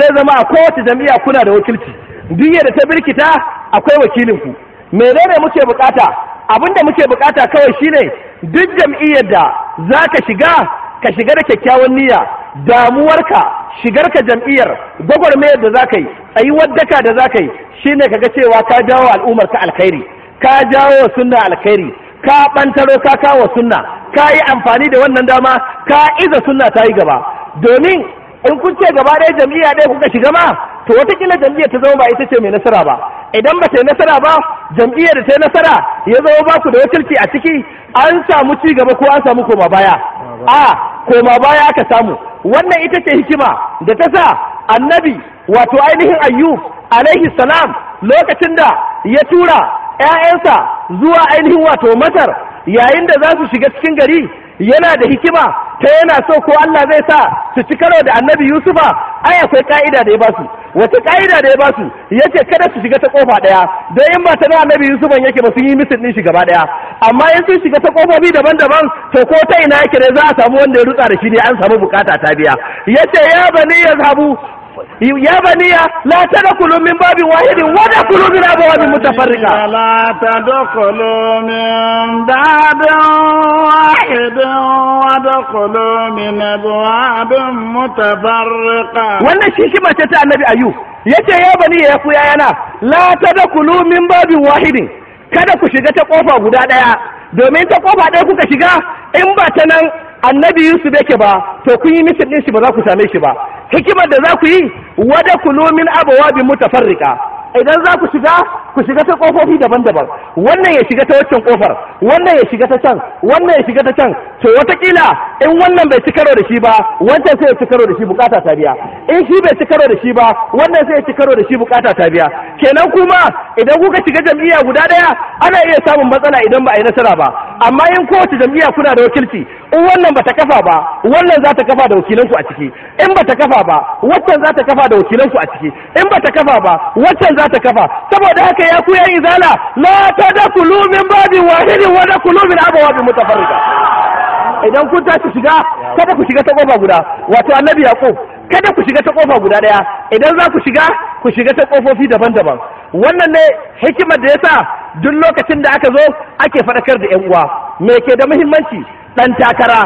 zai zama a kowace jam'iyya kuna da wakilci duk da ta birkita akwai wakilinku menene muke bukata da muke bukata kawai shine duk jam'iyyar da za ka shiga ka shiga da kyakkyawan niyya damuwarka shigarka jam'iyyar gwagwarmayar da za ka yi ayi daka da za ka yi shine ka ga cewa ka jawo al'ummar ka alkhairi ka jawo sunna alkhairi ka bantaro ka kawo sunna ka yi amfani da wannan dama ka iza sunna ta yi gaba domin in kun ce gaba ɗaya jam'iyya ɗaya kuka shiga ma to watakila jam'iyya ta zama ba ita ce mai nasara ba idan ba ta yi nasara ba jam'iyyar da ta yi nasara ya zama ba ku da wakilci a ciki an samu ci gaba ko an samu koma baya a koma baya aka samu wannan ita ce hikima da ta sa annabi wato ainihin ayyub alaihi salam lokacin da ya tura 'ya'yansa zuwa ainihin wato masar yayin da za su shiga cikin gari yana da hikima ta yana so ko Allah zai sa su ci karo da annabi Yusufa ai akwai ka'ida da ya ba su wata ka'ida da ya ba su yace kada su shiga ta kofa daya don in ba ta na annabi Yusufan yake ba sun yi misin din shi gaba daya amma in sun shiga ta kofofi daban-daban to ko ta ina yake ne za a samu wanda ya rutsa da shi ne an samu bukata ta biya yace ya bani yazhabu يا بني لا تدخلوا من باب واحد ودخلوا من ابواب متفرقه لا تدخلوا من باب واحد ودخلوا من ابواب متفرقه wannan shi shi mace ta annabi ayu yace ya bani ya ku yayana la tadkhulu min babin wahidin kada ku shiga ta kofa guda daya domin ta kofa daya kuka shiga in ba ta nan annabi yusuf yake ba to kun yi misin din shi ba za ku same shi ba hikimar da za ku yi wada kulu min bi mutafarrika idan za ku shiga ku shiga ta kofofi daban-daban wannan ya shiga ta waccan kofar wannan ya shiga ta can wannan ya shiga ta can to watakila in wannan bai ci karo da shi ba wancan sai ya ci karo da shi bukata ta biya in shi bai ci karo da shi ba wannan sai ya ci karo da shi bukata ta biya kenan kuma idan kuka shiga jam'iyya guda daya ana iya samun matsala idan ba a yi nasara ba amma in kowace jam'iyya kuna da wakilci in wannan bata kafa ba wannan za ta kafa da wakilanku a ciki in bata kafa ba wancan za ta kafa da wakilanku a ciki in bata kafa ba waccan za ta kafa saboda haka ya kuya yan izala la da min babin wahidin wa dakhulu min abawabin mutafarriqa idan kun tashi shiga kada ku shiga ta kofa guda wato annabi yaqo kada ku shiga ta kofa guda daya idan za ku shiga ku shiga ta kofofi daban-daban wannan ne hikimar da yasa duk lokacin da aka zo ake faɗakar da yan uwa me ke da muhimmanci dan takara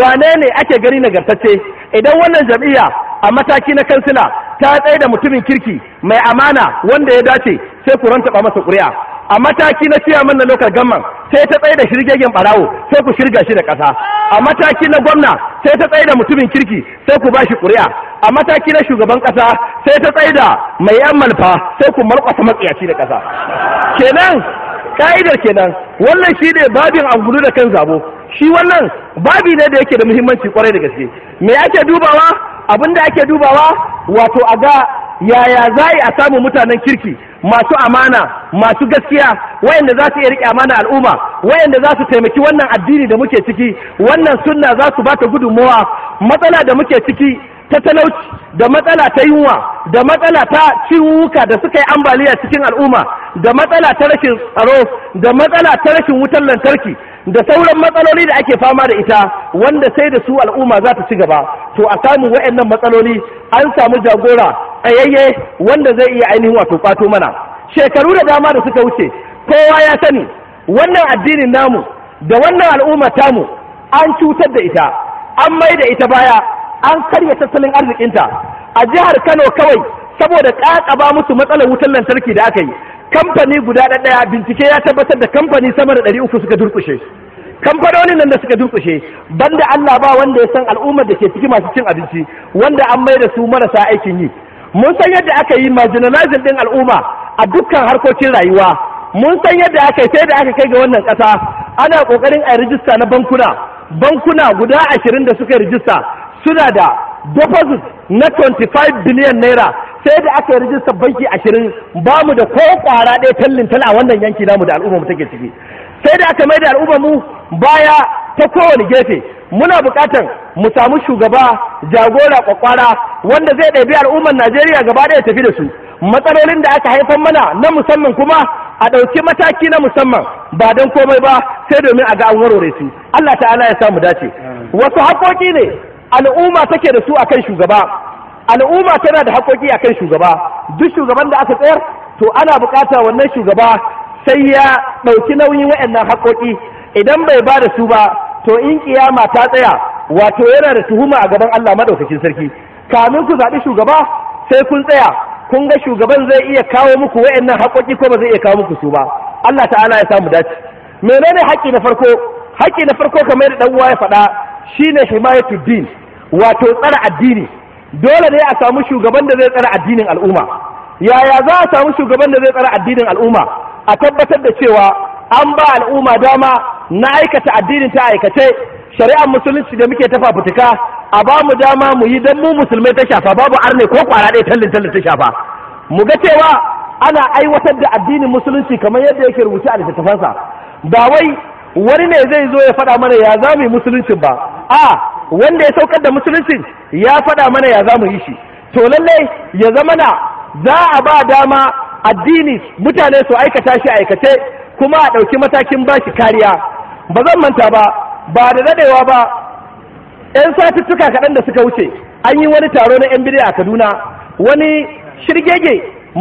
wane ne ake gani nagartacce idan wannan jam'iyya a mataki na kansila ta tsaye da mutumin kirki mai amana wanda ya dace sai ku ranta ba masa ƙuri'a a mataki na man na lokal gamman sai ta tsaye da shirgegen barawo sai ku shirga shi da ƙasa a mataki na gwamna sai ta tsaye da mutumin kirki sai ku ba shi ƙuri'a a mataki na shugaban ƙasa sai ta tsaye da mai yan malfa sai ku marƙwata matsayaci da ƙasa kenan ka'idar kenan wannan shi ne babin abu da kan zabo shi wannan babi ne da yake da muhimmanci kwarai da gaske me ake dubawa abinda ake dubawa wato a ga yaya za a samu mutanen kirki masu amana masu gaskiya wayanda za su iya riƙe amana al'umma wayanda za su taimaki wannan addini da muke ciki wannan sunna za su bata gudunmowa matsala da muke ciki ta talauci da matsala ta yunwa da matsala ta ciwuka da suka yi ambaliya cikin al'umma da matsala ta rashin tsaro da matsala ta rashin wutar lantarki da sauran matsaloli da ake fama da ita wanda sai da su al'umma za ta ci gaba to a samun wa'annan matsaloli an samu jagora tsayayye wanda zai iya ainihin wato kwato mana shekaru da dama da suka wuce kowa ya sani wannan addinin namu da wannan al'umma tamu an cutar da ita an mai da ita baya an karya tattalin arzikinta a jihar Kano kawai saboda ba musu matsalar wutar lantarki da aka yi kamfani guda ɗaya bincike ya tabbatar da kamfani sama da ɗari uku suka durkushe kamfanonin nan da suka durkushe banda Allah ba wanda ya san al'ummar da ke ciki masu cin abinci wanda an mai da su marasa aikin yi mun san yadda aka yi marginalizing din al'umma a dukkan harkokin rayuwa mun san yadda aka yi sai da aka kai ga wannan ƙasa ana ƙoƙarin a rijista na bankuna bankuna guda ashirin da suka rijista suna da deposit na 25 biliyan naira sai da aka yi rijistar banki ashirin bamu da ko ƙwara ɗaya tallin tala a wannan yanki namu da al'umma take ciki sai da aka mai da al'ummar mu baya ta kowane gefe muna buƙatar mu samu shugaba jagora kwakwara wanda zai ɗabi al'ummar Najeriya gaba ɗaya tafi da su matsalolin da aka haifar mana na musamman kuma a ɗauki mataki na musamman ba don komai ba sai domin a ga an warware su Allah ta'ala ya samu dace wasu haƙoƙi ne al'umma take da su akan shugaba al'umma tana da haƙoƙi akan shugaba duk shugaban da aka tsayar to ana buƙata wannan shugaba sai ya ɗauki nauyin waɗannan haƙoƙi idan bai ba da su ba to in kiyama ta tsaya wato yana da tuhuma a gaban Allah madaukakin sarki kamin ku zaɓi shugaba sai kun tsaya kun ga shugaban zai iya kawo muku waɗannan haƙoƙi ko ba zai iya kawo muku su ba Allah ta'ala ya samu dace menene haƙƙi na farko haƙƙi na farko kamar da ɗan uwa ya faɗa shine himayatu din wato tsara addini dole ne a samu shugaban da zai tsara addinin al'umma yaya za a samu shugaban da zai tsara addinin al'umma a tabbatar da cewa an ba al'umma dama na aikata addinin ta aikace shari'ar musulunci da muke tafa fituka a ba mu dama mu yi don mu musulmai ta shafa babu arne ko kwara ɗaya tallin tallin ta shafa mu ga cewa ana aiwatar da addinin musulunci kamar yadda yake rubuce a littattafansa ba wai wani ne zai zo ya faɗa mana ya za mu yi musuluncin ba a wanda ya saukar da musuluncin ya faɗa mana ya za mu yi shi to lallai ya zama na za a ba dama addini mutane su aikata shi aikace kuma a ɗauki matakin bashi kariya ba zan manta ba ba da daɗewa ba 'yan satuttuka kaɗan da suka wuce an yi wani taro na 'yan bidiya a kaduna wani shirgege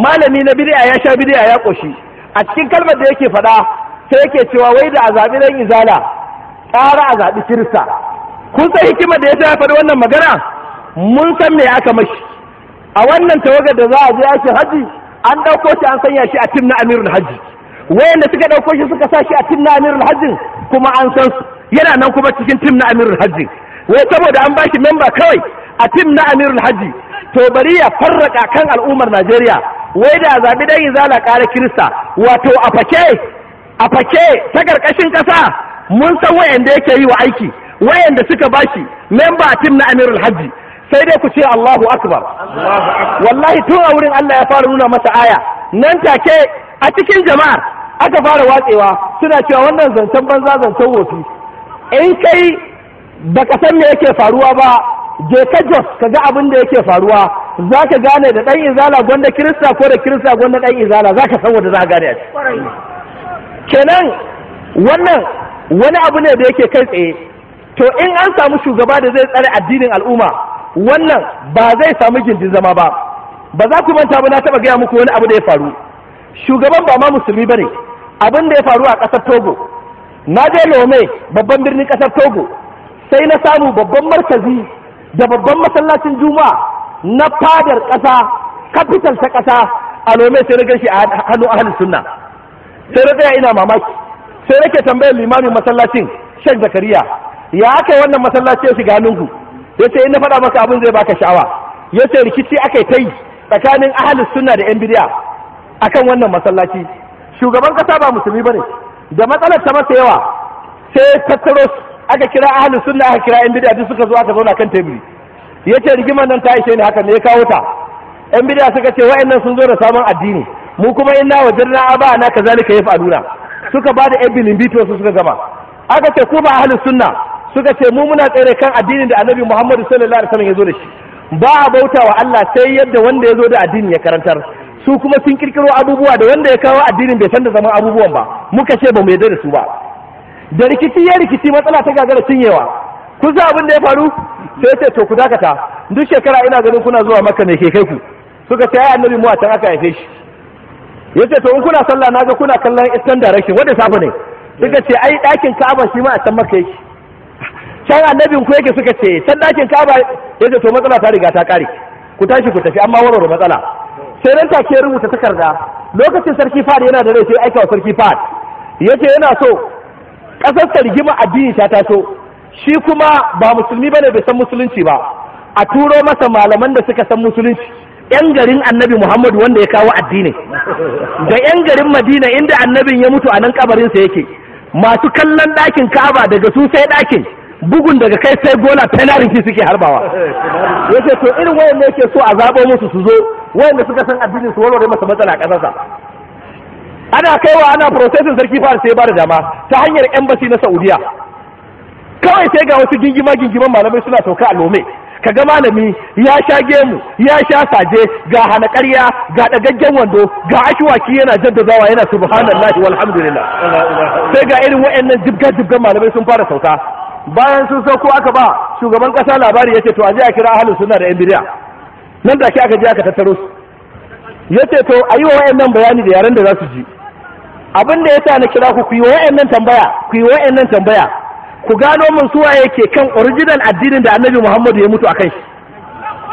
malami na bidiya ya sha bidiya ya ƙoshi a cikin kalmar da yake faɗa sai yake cewa wai da a zaɓi ɗan izala ƙara a zaɓi kirista kun san hikimar da ya ya faɗi wannan magana mun san me aka mashi a wannan tawagar da za a je aikin hajji an ɗauko shi an sanya shi a tim na amirul hajji wayanda suka ɗauko shi suka sa shi a tim na amirul hajji kuma an san su yana nan kuma cikin tim na amirul hajji wai saboda an ba shi memba kawai a tim na amirul hajji to bari ya farraka kan al'ummar najeriya wai da zaɓi dan izala ƙara kirista wato a fake a fake ta ƙarƙashin ƙasa mun san wayanda yake yi wa aiki wayanda suka ba shi memba a tim na amirul hajji sai dai ku ce Allahu akbar wallahi tun a wurin Allah ya fara nuna masa aya nan take a cikin jama'ar aka fara watsewa suna cewa wannan zancen banza zancen wofi in kai baka san me yake faruwa ba je ka jos ka ga abin da yake faruwa za ka gane da ɗan izala gwanda kirista ko da kirista gwanda ɗan izala za ka san wanda za a gane kenan wannan wani abu ne da yake kai tsaye to in an samu shugaba da zai tsare addinin al'umma wannan ba zai samu gindin zama ba ba za ku manta ba na taɓa gaya muku wani abu da ya faru shugaban ba ma musulmi ba ne abin da ya faru a kasar togo na je lome babban birnin kasar togo sai na samu babban markazi da babban masallacin juma'a na fadar ƙasa kafital ta kasa a lome sai na gashi a hannu ahalin sunna sai na tsaya ina mamaki sai nake tambayar limamin masallacin shek zakariya ya aka wannan masallaci ya shiga hannunku yace in na faɗa maka abin zai baka sha'awa yace rikici aka yi ta yi tsakanin ahalus suna da yan bidiya akan wannan masallaci shugaban ƙasa ba musulmi ba ne da matsalar ta masa yawa sai tattaro aka kira ahalus suna aka kira yan bidiya duk suka zo aka zauna kan teburi yace rigimar nan ta ishe ne haka ne ya kawo ta yan bidiya suka ce wa'annan sun zo da sabon addini mu kuma ina inna wajarna na kazalika yaf'aluna suka ba da yan bilin bito su suka gama aka ce ku ba ahalus sunna suka ce mu muna tsere kan addinin da annabi Muhammadu sallallahu alaihi wasallam ya zo da shi ba a bauta wa Allah sai yadda wanda ya zo da addinin ya karantar su kuma sun kirkiro abubuwa da wanda ya kawo addinin bai san da zaman abubuwan ba muka ce ba mu yarda da su ba da rikici ya rikici matsala ta gagara cinyewa ku za abin da ya faru sai ce to ku dakata duk shekara ina ganin kuna zuwa maka ne ke kai ku suka ce ai annabi mu a can aka haife shi yace to in kuna sallah na naga kuna kallon eastern direction wanda safa ne suka ce ai dakin ka'aba shi ma a can maka yake can annabin ku yake suka ce can dakin kaba ya ce to matsala ta riga ta kare ku tashi ku tafi amma warware matsala sai nan take rubuta takarda lokacin sarki fad yana da rai sai aika wa sarki fad ce yana so kasar ta rigima addini ta taso shi kuma ba musulmi bane bai san musulunci ba a turo masa malaman da suka san musulunci yan garin annabi muhammadu wanda ya kawo addini da yan garin madina inda annabin ya mutu a nan kabarinsa yake masu kallon ɗakin ka'aba daga su sai ɗakin bugun daga kai sai gola penarin ki suke harbawa [LAUGHS] ce to irin wayan ne yake so a zabo musu su zo wayan da suka san addinin su warware masa matsala kasarsa ana kaiwa ana processing sarki fara sai ba da dama ta hanyar embassy na Saudiya kawai sai ga wasu gingima gingiman malamai suna sauka a Lome ka ga malami ya sha gemu ya sha saje ga hana ƙarya ga ɗagaggen wando ga ashwaki yana zawa yana subhanallahi walhamdulillah sai ga irin wa'annan jibga jibgan malamai sun fara sauka bayan sun sauko aka ba shugaban ƙasa labari yace to a je a kira ahlus sunna da yan nan da ke aka je aka tattaro su yace to ayi wa wa'annan bayani da yaren da za su ji abin da yasa na kira ku ku yi wa'annan tambaya ku yi wa'annan tambaya ku gano mun suwa yake kan original addinin da annabi muhammadu ya mutu a kai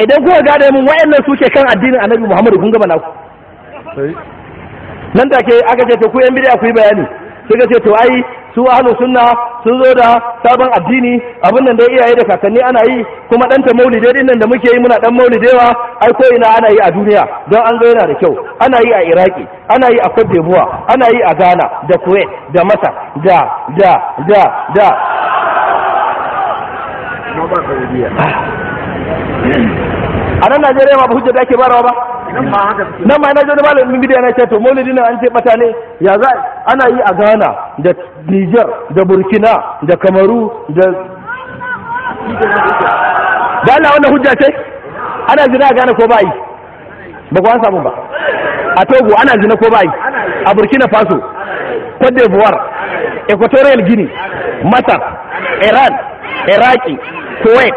idan kuka gano mun wayannan suke kan addinin annabi muhammadu kun na naku nan take aka ce ku yan bidiya ku yi bayani suka ce to ai su ahlu sunna sun zo da sabon addini abin nan da iyaye da kakanni ana yi kuma dan ta maulide din nan da muke yi muna dan maulidewa ai ko ina ana yi a duniya don an ga yana da kyau ana yi a iraki ana yi a cote d'ivoire ana yi a Gana da kuwait da masar da da da da a nan najeriya ba hujja da ake barawa ba nan ma na jirgin da malamin bidiya na ce to maulidi nan an ce bata ne ya za ana yi a Ghana da Niger da Burkina da Kamaru da da Allah wannan hujja ce ana zina a Ghana ko ba yi ba ku an samu ba a Togo ana zina ko ba yi a Burkina Faso Cote d'Ivoire Equatorial Guinea Masar Iran Iraki Kuwait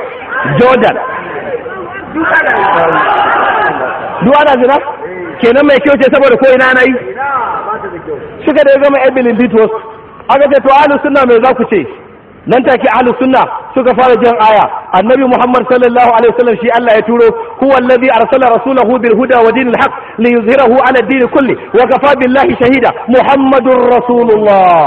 Jordan duk ana zina kenan mai kyau ce saboda ko ina na yi suka da gama ebilin bitos aka ce to ahlus sunna mai za ku ce nan take ahlus sunna suka fara jan aya annabi muhammad sallallahu alaihi wasallam shi Allah ya turo huwa allazi arsala rasulahu bil huda wa dinil haqq liyuzhirahu ala din kulli wa kafa billahi shahida muhammadur rasulullah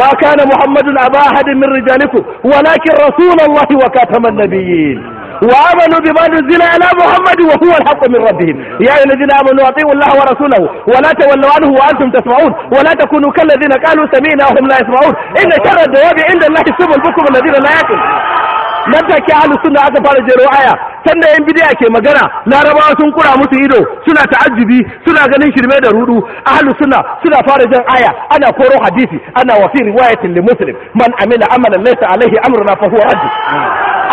ما كان محمد أبا أحد من رجالكم ولكن رسول الله وكاتم النبيين وآمنوا بما نزل على محمد وهو الحق من ربهم يا أيها الذين آمنوا أطيعوا الله ورسوله ولا تولوا عنه وأنتم تسمعون ولا تكونوا كالذين قالوا سمينا وهم لا يسمعون إن شر الدواب عند الله السم البكم الذين لا يأكل nan take ahlus sunna aka fara jero aya can yan bidiya ke magana larabawa sun kura musu ido suna ta'ajjubi suna ganin shirme da rudu ahlus sunna suna fara jan aya ana koro hadisi ana wa fi riwayatin li muslim man amila amalan laysa alaihi amruna fa huwa radd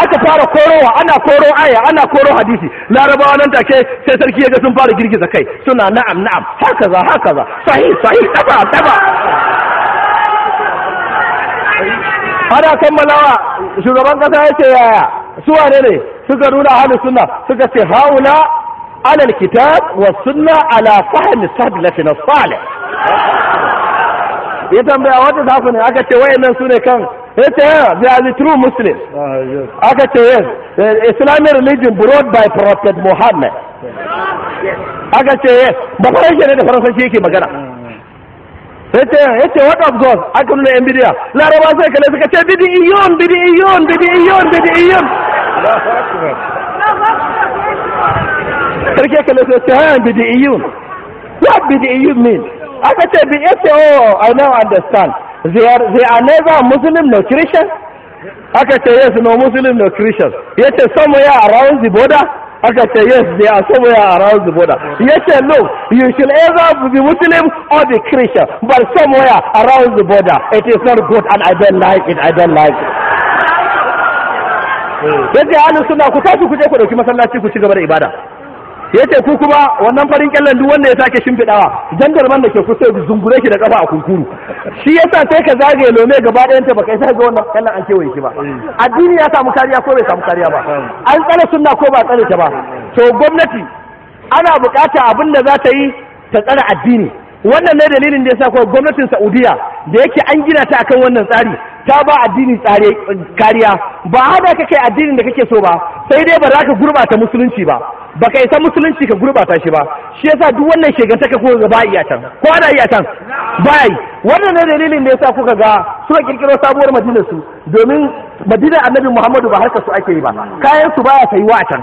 aka fara korowa ana koro aya ana koro hadisi larabawa nan take sai sarki yaga sun fara girgiza kai suna na'am na'am haka za haka za sahih sahih daba daba ana kammalawa shugaban kasa ya ce yaya su wane ne suka nuna ahlus sunna suka ce haula alal kitab wa sunna ala fahmi salafina salih ya tambaya wata tafi ne aka ce wayannan su ne kan yace they are the true muslim aka ce yes islamic religion brought by prophet muhammad aka ce yes ba faransa ne da faransanci yake magana yace yace what of god aka nuna yan bidiya laraba sai kale suka ce bidiyon bidiyon bidiyon sarki kale sai ce ha what mean aka ce bi yace oh i now understand they are they are muslim christian aka ce yes no muslim christian yace somewhere around the border aka ce yes they are somewhere around the border ya ce no you should either be muslim or be christian but somewhere around the border it is not good and i don't like it i don't like it hmm. yace ahlus suna ku tashi ku je ku dauki masallaci ku ci gaba da ibada ya ce ku kuma wannan farin kyallon duk wanda ya sake shimfiɗawa jandarman da ke kusa ya zungure shi da kafa a kunkuru shi yasa sai ka zagaye lome gaba ɗayan ta baka isa ga wannan kyallen an kewaye shi ba mm. addini ya samu kariya ko bai samu kariya ba mm. an tsare sunna ko ba tsare ta ba to gwamnati ana bukata abin da za ta yi ta tsara addini wannan ne dalilin da ya sa ko gwamnatin Saudiya da yake an gina ta akan wannan tsari ta ba addini tsare kariya ba hada ka kai addinin da kake so ba sai dai ba za ka gurbata musulunci ba ba ka isa musulunci ka gurbata shi ba shi yasa duk wannan shegantaka ko ga ba iya can ko ana iya can bai wannan ne dalilin da yasa kuka ga suka kirkiro sabuwar madinar su domin madinar annabi muhammadu ba harka su ake yi ba kayan su baya sayi wa can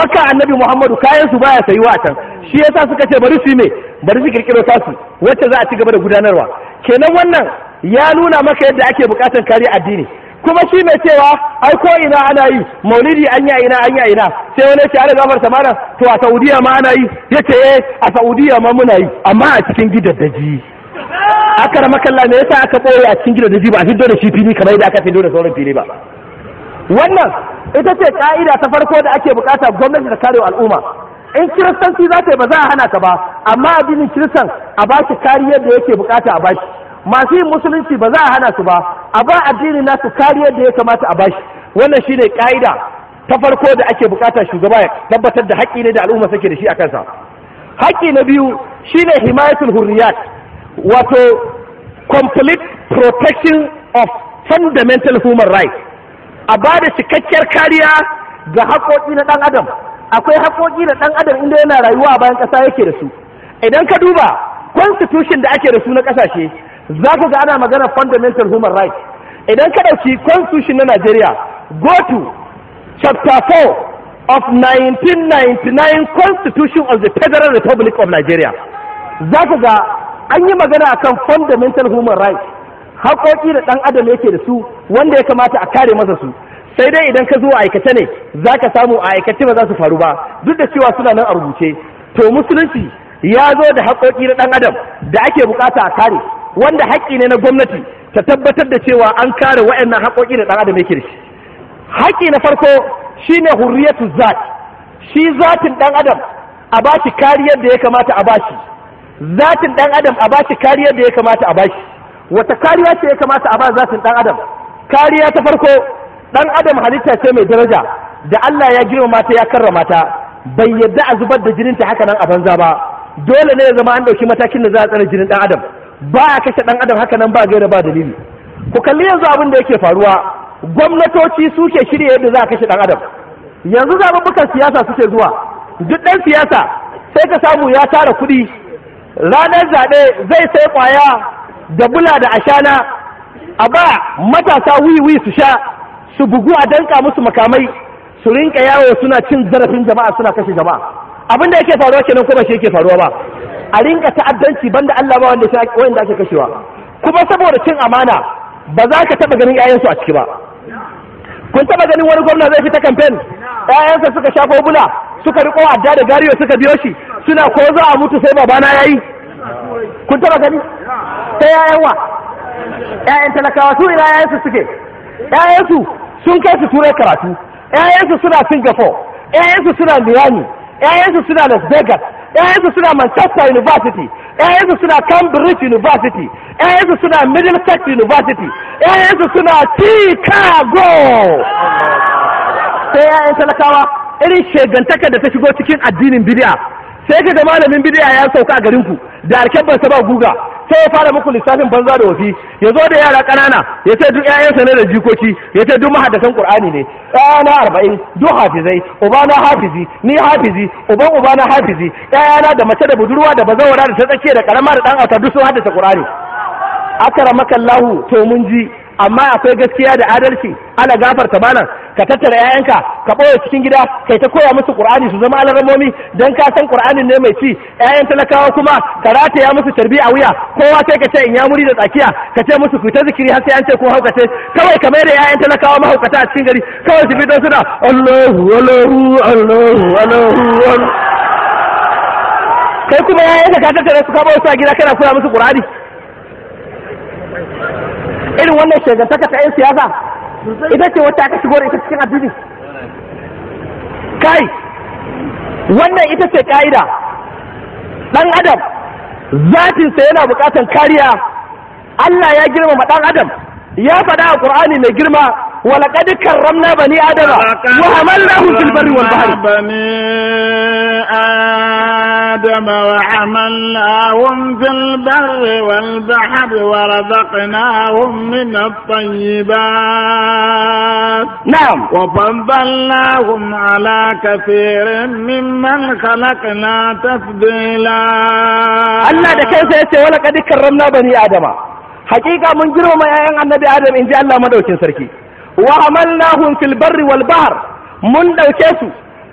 maka annabi muhammadu kayan su baya sayuwa wa can shi yasa suka ce bari su yi me bari su kirkiro tasu wacce za a ci gaba da gudanarwa kenan wannan ya nuna maka yadda ake bukatar kare addini kuma shi mai cewa ai ko ina ana yi maulidi an yi ina an yi ina sai wani ce ana gabar mana, to a saudiya ma ana yi ya ce eh, a saudiya ma muna yi amma a cikin gidan daji. aka rama kalla me yasa aka boye a cikin gidan daji ba a fito da shi fili kamar yadda aka fito da sauran fili ba wannan ita ce ka'ida ta farko da ake bukata gwamnati da karewa al'umma in kiristanci za ta yi ba za a hana ka ba amma addinin kiristan a ba shi kariyar da yake bukata a bashi masu yin musulunci ba za a hana su ba a ba addinin nasu kariyar da ya kamata a bashi wannan shi ne ƙa'ida ta farko da ake bukata shugaba ya tabbatar da haƙƙi ne da al'umma suke da shi a kansa haƙƙi na biyu shi ne himayatul hurriyat wato complete protection of fundamental human rights a ba da cikakkiyar kariya ga haƙoƙi na ɗan adam akwai haƙoƙi da ɗan adam inda yana rayuwa a bayan ƙasa yake da su idan ka duba constitution da ake da su na ƙasashe za ku ga ana magana fundamental human rights idan ka ɗauki constitution na Najeriya go to chapter 4 of 1999 constitution of the federal republic of najeriya za ku ga an yi magana akan fundamental human rights haƙoƙi da ɗan adam yake da su wanda ya kamata a kare masa su sai dai idan ka zo a aikace ne za ka samu a aikace ba za su faru ba duk da cewa suna nan a rubuce to musulunci ya zo da haƙoƙi na ɗan adam da ake buƙata a kare wanda haƙƙi ne na gwamnati ta tabbatar da cewa an kare waɗannan haƙoƙi na ɗan adam yake da shi haƙƙi na farko shine hurriyatu zat shi zatin ɗan adam a bashi kariyar da ya kamata a bashi zatin ɗan adam a bashi kariyar da ya kamata a bashi wata kariya ce ya kamata a ba zatin ɗan adam kariya ta farko Ɗan adam halitta ce mai daraja da Allah ya girmamata mata ya karrama ta bai yadda a zubar da jininta haka nan a banza ba dole ne ya zama an dauki matakin da za a tsare jinin dan adam ba a kashe ɗan adam haka nan ba gaira ba dalili ku kalli yanzu abin da yake faruwa gwamnatoci suke shirya yadda za a kashe dan adam yanzu zaɓuɓɓukan siyasa suke zuwa duk ɗan siyasa sai ka samu ya tara kuɗi ranar zaɓe zai sai kwaya da bula da ashana a ba matasa wiwi su sha su bugu a danka musu makamai su rinka yawo suna cin zarafin jama'a suna kashe jama'a abin da yake faruwa kenan kuma shi yake faruwa ba a rinka ta'addanci banda Allah ba wanda wanda ake kashewa kuma saboda cin amana ba za ka taba ganin 'ya'yansu a ciki ba kun taba ganin wani gwamna zai fita kamfen sa suka sha kobula suka riko adda da gariyo suka biyo shi suna ko za a mutu sai babana yayi kun taba gani ta yayan wa ƴaƴan talakawa su ina su suke su sun kai su turai karatu ƴaƴansu suna singapore ƴaƴansu suna miami ƴaƴansu suna las vegas ƴaƴansu suna manchester university ƴaƴansu suna cambridge university ƴaƴansu suna middlesex university ƴaƴansu suna chicago sai ƴaƴan talakawa irin shegantaka da ta shigo cikin addinin bid'a sai ka ga malamin bid'a ya sauka a garin ku da alkebban sa ba guga sai ya fara muku lissafin banza da wafi ya zo da yara kanana ya ce duk 'ya'yan ne da jikoki ya ce duk mahaddasan qur'ani ne ɗana arba'in duk hafizai ubana hafizi ni hafizi uban ubana hafizi ɗayana da mace da budurwa da bazawara da ta tsakiya da karama da ɗan auta duk sun haddasa qur'ani akara makallahu to mun ji amma akwai gaskiya da adalci ana gafarta mana ka tattara 'ya'yanka ka ɓoye cikin gida kai ta koya musu qur'ani su zama alarmomi dan ka san qur'anin ne mai ci 'ya'yan talakawa kuma ka rataya musu tarbi a wuya kowa sai ka ce in ya muri da tsakiya ka ce musu ku zikiri har sai an ce ko haukace kawai ka mai da 'ya'yan talakawa mahaukata a cikin gari kawai su fito suna Allahu Allahu Allahu Allahu kai kuma 'ya'yanka ka tattara su ka ɓoye su a gida kana koya musu qur'ani irin wannan shagantaka ta 'yan siyasa ita ce wata aka shigo da ita cikin addini kai wannan ita ce ka'ida ɗan adam zatinsa yana bukatar kariya Allah ya girmama ɗan adam ya faɗa a ƙur'ani mai girma ولقد كرمنا بني آدم وحملناهم في البر والبحر بني آدم وعملناهم في البر والبحر ورزقناهم من الطيبات نعم وفضلناهم على كثير ممن خلقنا تفضيلا الله ده كيف يتي ولقد كرمنا بني آدم حقيقة من جرم يا النبي آدم إن جاء الله مدوكين سركي وعملناهم في البر والبحر من دوكيسو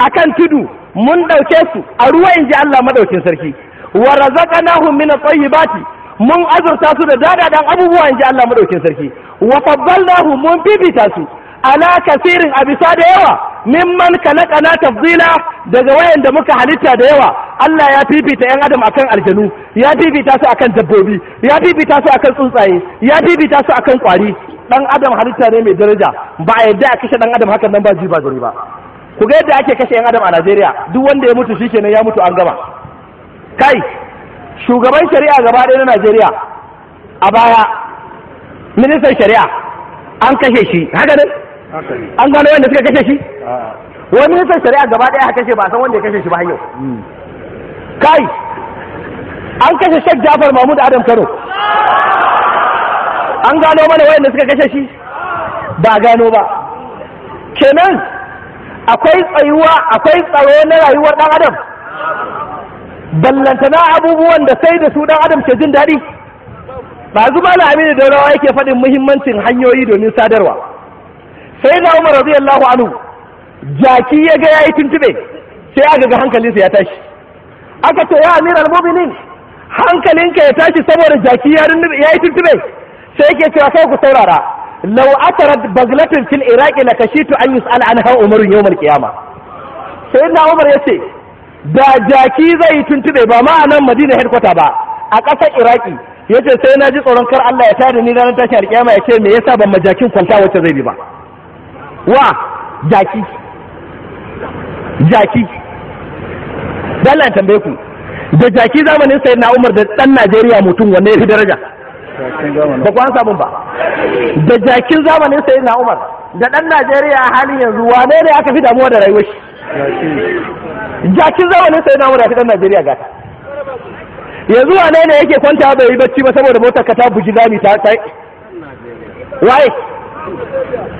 أكن تدو mun ɗauke su a ruwa in ji Allah maɗaukin sarki wa razaka min at-tayyibati mun azurta su da dadadan abubuwa in ji Allah maɗaukin sarki wa faddalnahum mun bibita su ala kasirin a bisa da yawa mimman kana tafzila daga wayanda muka halitta da yawa Allah ya fifita yan adam akan aljanu ya fifita su akan dabbobi ya fifita su akan tsuntsaye ya fifita su akan kwari dan adam halitta ne mai daraja ba a yadda a kashe dan adam hakan nan ba ji ba gari ba ku ga yadda ake kashe yan adam a Najeriya duk wanda ya mutu shikenan ya mutu an gama kai shugaban shari'a gaba ɗaya na Najeriya a baya ministan shari'a an kashe shi haka ne an gano wanda suka kashe shi wani ministan shari'a gaba ɗaya ya kashe ba san wanda ya kashe shi ba yau hmm. kai an kashe Sheikh Jafar Mahmud Adam Kano an gano mana wayanda suka kashe shi ba gano ba kenan akwai tsayuwa akwai tsaro na rayuwar ɗan adam ballantana abubuwan da sai da su ɗan adam ke jin daɗi ba zuba na aminu da rawa yake faɗin muhimmancin hanyoyi domin sadarwa sai na umar radiyallahu anhu jaki ya ga yayi tuntube sai aka ga hankalinsa ya tashi aka ce ya amir al-mu'minin hankalinka ya tashi saboda jaki ya yi tuntube sai yake cewa kai ku saurara law atarat baglatin fil iraqi la kashitu an yus'al anha umar yawm al qiyama sayyidina umar yace da jaki zai tuntube ba ma nan madina headquarter ba a ƙasar iraki yace sai na ji tsoron kar Allah ya tada ni ranar tashin alƙiyama ya ce me yasa ban majakin kwanta wacce zai bi ba wa jaki jaki dalla tambaye ku da jaki zamanin sayyidina Umar da ɗan Najeriya mutum wanne ya fi daraja ba samun ba da jakin zamanin sai na umar da ɗan najeriya a halin yanzu wane ne aka fi damuwa da rayuwar shi jakin zamanin sai na umar ya fi ɗan najeriya gata yanzu wane ne yake kwanta bai yi bacci ba saboda motar ka ta bugi zami ta kai waye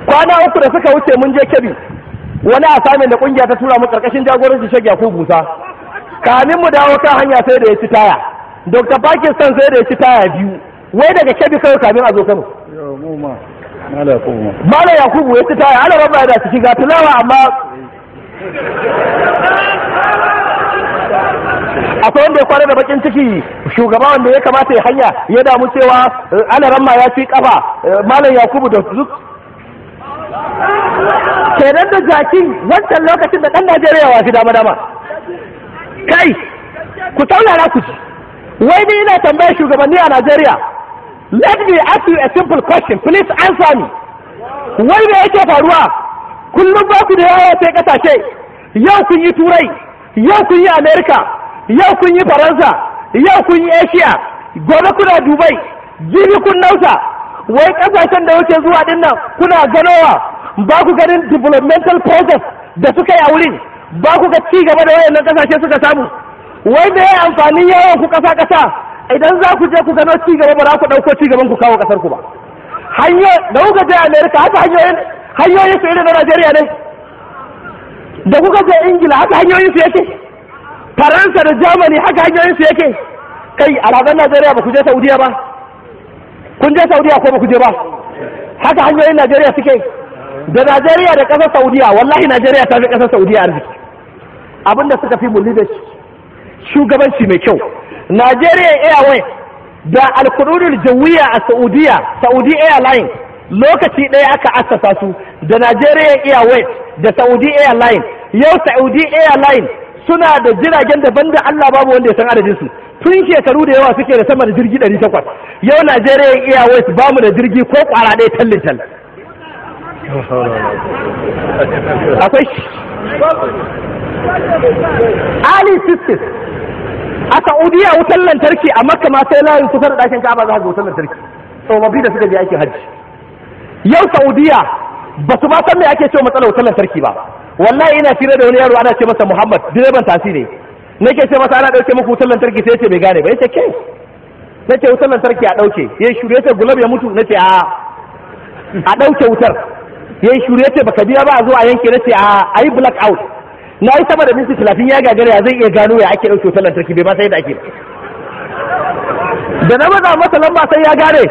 kwana uku da suka wuce mun je kebi wani a samin da kungiya ta tura mu karkashin jagoranci shagya ko busa kamin mu dawo kan hanya sai da ya ci taya dr pakistan sai da ya ci taya biyu wai daga kebi kawai kamin a zo kano mala yakubu ya ci taya ala rabba da ciki ga tilawa amma akwai wanda ya kwana da bakin ciki shugaba wanda ya kamata ya hanya ya damu cewa eh, ala ramma ya ci kafa eh, malam yakubu da zuk kenan da jakin wancan lokacin da ɗan najeriya wasu dama dama kai ku taunara ku ci wai ni ina tambayar shugabanni a najeriya let me ask you a simple question please answer me wai me yake faruwa kullum ba ku da yawa sai kasashe yau kun yi turai yau kun yi america yau kun yi faransa yau kun yi asia gobe kuna dubai jini kun nausa wai kasashen da wuce zuwa dinnan kuna ganowa ba ku ganin developmental process da suka yi a wurin ba ku ga ci gaba da wayannan kasashe suka samu wai da ya amfani yawon ku kasa kasa idan za ku je ku gano ci gaba ba za ku ɗauko ci gaban ku kawo ƙasar ku ba hanyo da kuka je Amerika haka hanyoyin hanyoyin su irin na Najeriya ne da kuka je Ingila haka hanyoyin su yake Faransa da Germany haka hanyoyin su yake kai alhazan Najeriya ba ku je Saudiya ba kun je Saudiya ko ba ku je ba haka hanyoyin Najeriya suke da Najeriya da ƙasar Saudiya wallahi Najeriya ta fi ƙasar Saudiya arziki abinda suka fi mulli da shugabanci mai kyau Najeriya Airways da alkududul jawiya a Saudiya, Saudi Airlines lokaci ɗaya aka assasa su da najeriya Airways da Saudi Airlines. Yau Saudi Airlines suna da jiragen daban da Allah babu wanda ya san adadin su. Tun shekaru da yawa suke da sama da jirgi 800. Yau Najeriya Airways ba mu da jirgi ko kwara ɗaya tallin Ali a saudiya wutar lantarki a makka ma sai layin kusa da ɗakin ka'aba za ga wutar lantarki tsofaffi da suka je aikin hajji yau saudiya ba su ma san me ake cewa matsalar wutar lantarki ba wallahi ina fira da wani yaro ana ce masa muhammad direban tasi ne nake ce masa ana ɗauke muku wutar lantarki sai ce bai gane ba yace ke nace wutar lantarki a ɗauke ya shure ta gulab ya mutu nace a a ɗauke wutar ya shure ta baka biya ba a zo a yanke nace a yi black out na yi sama da minti talatin ya gagara ya zai iya gano ya ake ɗauke wutar lantarki bai ba sai da ake da na maza masa lamba sai ya gane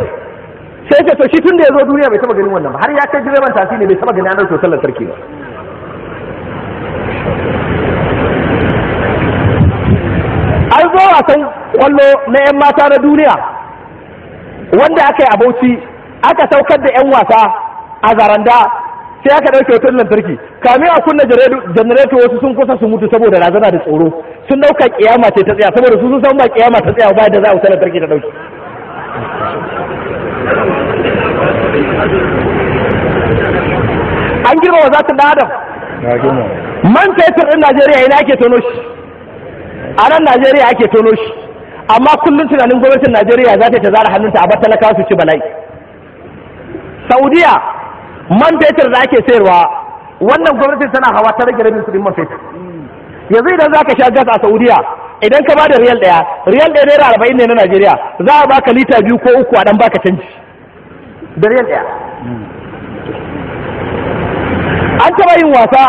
sai ka so shi tun da ya zo duniya bai taba ganin wannan ba har ya kai direban tasi ne bai taba ganin ɗauke wutar lantarki ba an zo wasan kwallo na 'yan mata na duniya wanda aka yi a bauchi aka saukar da 'yan wasa a zaranda sai aka ɗauke wutar lantarki kamin a kunna janareto wasu sun kusa su mutu saboda razana da tsoro sun ɗauka kiyama ce ta tsaya saboda su sun san ba kiyama ta tsaya ba da za a wutar lantarki ta ɗauki an girma wa zatin da adam man fetur ɗin najeriya ina ake tono shi a nan najeriya ake tono shi amma kullum tunanin gwamnatin najeriya za ta yi ta zara hannunta a bar talakawa su ci bala'i saudiya man fetur da ake sayarwa wannan gwamnati tana hawa ta rage rabin kudin man fetur yanzu idan za ka sha gas a saudiya idan ka ba da riyal ɗaya riyal ɗaya naira arba'in ne na najeriya za a baka lita biyu ko uku a dan baka canji da riyal ɗaya an taɓa yin wasa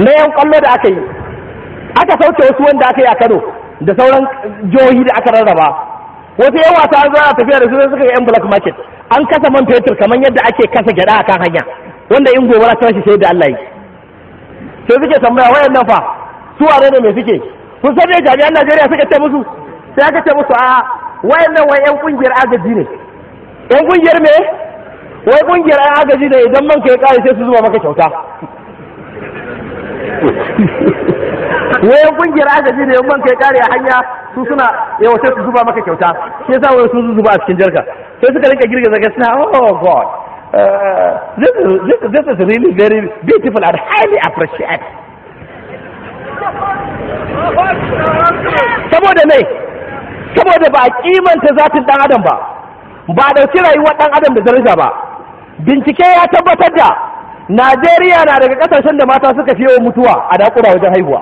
na yan kwallo da aka yi aka sauke wasu wanda aka yi a kano da sauran jihohi da aka rarraba wasu yan wasa za a tafiya da su suka ga yan black market an kasa man fetur kamar yadda ake kasa gyada a kan hanya wanda in gobara ta shi sai da Allah yi sai suke tambaya nan fa su wane ne me suke kun san me jami'an Najeriya suka ce musu sai aka ce musu a wayannan wai yan kungiyar agaji ne yan kungiyar me wai kungiyar yan agaji ne idan man ka ya kare sai su zuba maka kyauta [LAUGHS] wai yan kungiyar agaji ne yan man ka ya kare a hanya su suna yawa sai su zuba maka kyauta shi yasa wai su zuba a cikin jarka sai suka rinka girgiza ga suna oh god eh, this is this is really very beautiful and highly appreciated saboda ne saboda ba a kimanta zatin dan adam ba ba da dauki rayuwar dan adam da daraja ba bincike ya tabbatar da Najeriya na daga kasashen da mata suka fi yawan mutuwa a dakura wajen haihuwa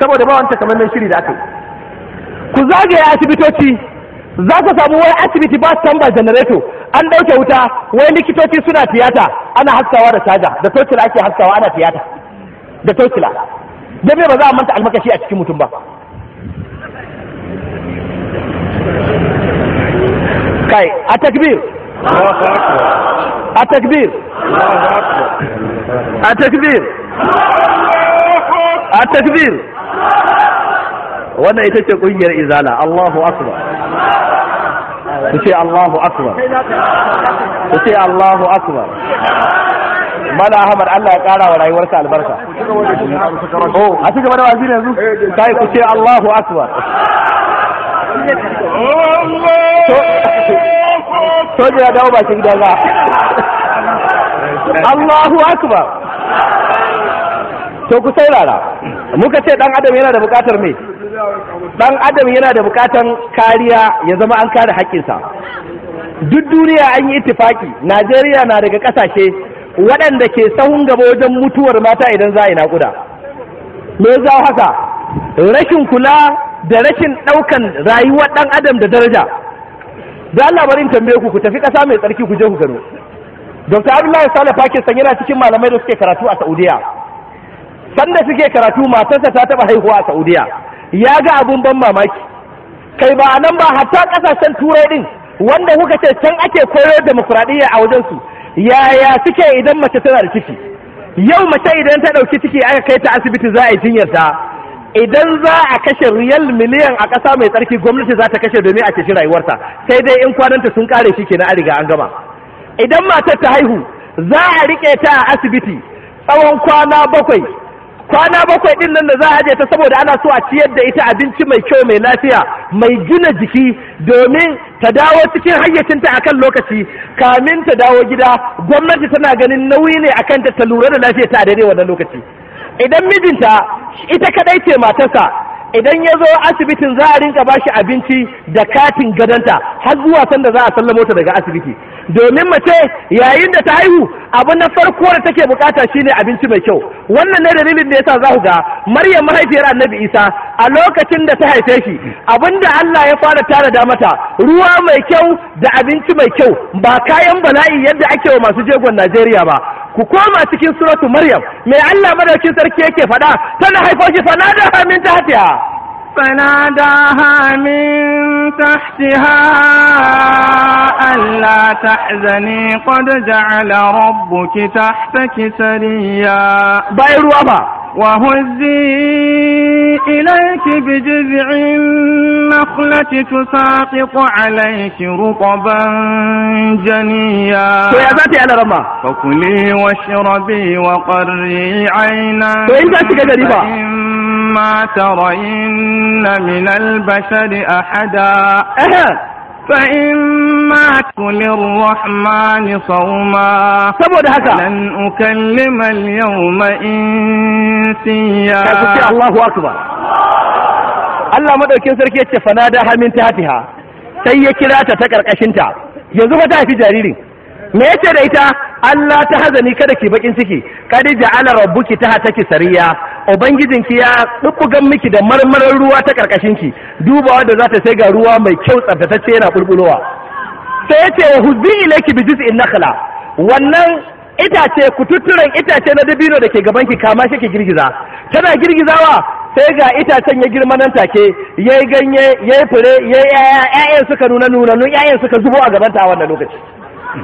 saboda ba wanta kamar shiri da aka yi ku zagaya asibitoci za ku samu wani asibiti ba su tamba janareto an ɗauke wuta wai likitoci suna tiyata ana haskawa da caja da tocila ake haskawa ana tiyata da tocila don me ba za a manta almakashi a cikin mutum ba kai a takbir a takbir a takbir a takbir wannan ita ce kungiyar izala Allahu akbar ku ce Allahu akbar ku ce Allahu akbar mala ahmad Allah ya kara wa rayuwarsa albarka oh a cikin wani wazi yanzu sai ku ce Allahu akbar soja ya dawo bakin gida Allahu akbar to ku saurara muka ce dan adam yana da bukatar me dan adam yana da bukatar kariya ya zama an kare haƙƙinsa duk duniya an yi ittifaki Najeriya na daga kasashe waɗanda ke sahun gaba wajen mutuwar mata idan za a yi naƙuda me za haka rashin kula da rashin ɗaukan rayuwar ɗan adam da daraja da Allah barin tambaye ku ku tafi ƙasa mai tsarki ku je ku gano Dr. Abdullahi Saleh Pakistan yana cikin malamai da suke karatu a Saudiya sanda suke karatu matarsa ta taba haihuwa a Saudiya ya ga abun ban mamaki kai ba nan ba hatta kasashen turai din wanda kuka ce can ake koyar da demokuraɗiyya a wajen su yaya suke idan mace tana da ciki yau mace idan ta ɗauki ciki aka kai ta asibiti za a yi jinyar ta idan za a kashe riyal miliyan a ƙasa mai tsarki gwamnati za ta kashe domin a ceci rayuwarta sai dai in kwananta sun kare shi kenan a riga an gama idan matar ta haihu za a riƙe ta a asibiti tsawon kwana bakwai kwana bakwai ɗinnan nan da za a je ta saboda ana so a ciyar da ita abinci mai kyau mai lafiya mai gina jiki domin ta dawo cikin hayyacinta akan lokaci kamin ta dawo gida gwamnati tana ganin nauyi ne akan ta lura da lafiyarta a daidai wannan lokaci idan mijinta ita kadai ce matarsa idan ya zo asibitin za a rinka ba shi abinci da katin gadanta har zuwa sanda za a sallamo ta daga asibiti domin mace yayin da ta haihu abu na farko da take bukata shine abinci mai kyau wannan na dalilin da yasa za ku ga Maryam mahaifiyar Annabi Isa a lokacin da ta haife shi da Allah ya fara tara da mata ruwa mai kyau da abinci mai kyau ba kayan bala'i yadda ake wa masu jegon Najeriya ba ku koma cikin suratu maryam me Allah madaukin sarki yake faɗa tana haifo shi fanadaha min tahtiha fanadaha min tahtiha alla tahzani qad ja'ala rabbuki tahtaki sariya bai ruwa ba وهزي إليك بجذع النخلة تساقط عليك رطبا جنيا فكلي واشربي وقري عينا فإما ترين من البشر أحدا فإما للرحمن صوما saboda haka lan ukallima al-yawma akbar Allah madaukin sarki yace fanada hamin hatiha sai ya kira ta ta karkashin ta yanzu fa ta haifi jaririn me yace da ita Allah ta hazani kada ki bakin ciki kad ja'ala rabbuki ki sariya ubangijinki ya bubbugan miki da marmarar ruwa ta karkashin ki dubawa da zata sai ga ruwa mai kyau tsaftatacce yana bulbulowa sai yace huzbi huzzi ilayki bi juz'in nakhla wannan itace kututturen itace na dabino da ke gabanki, kama shi ki girgiza tana girgizawa sai ga itacen ya girma nan take ya ganye yayi fure ya yi 'ya'yan suka nuna nun, 'ya'yan suka zubo a gabanta a wannan lokaci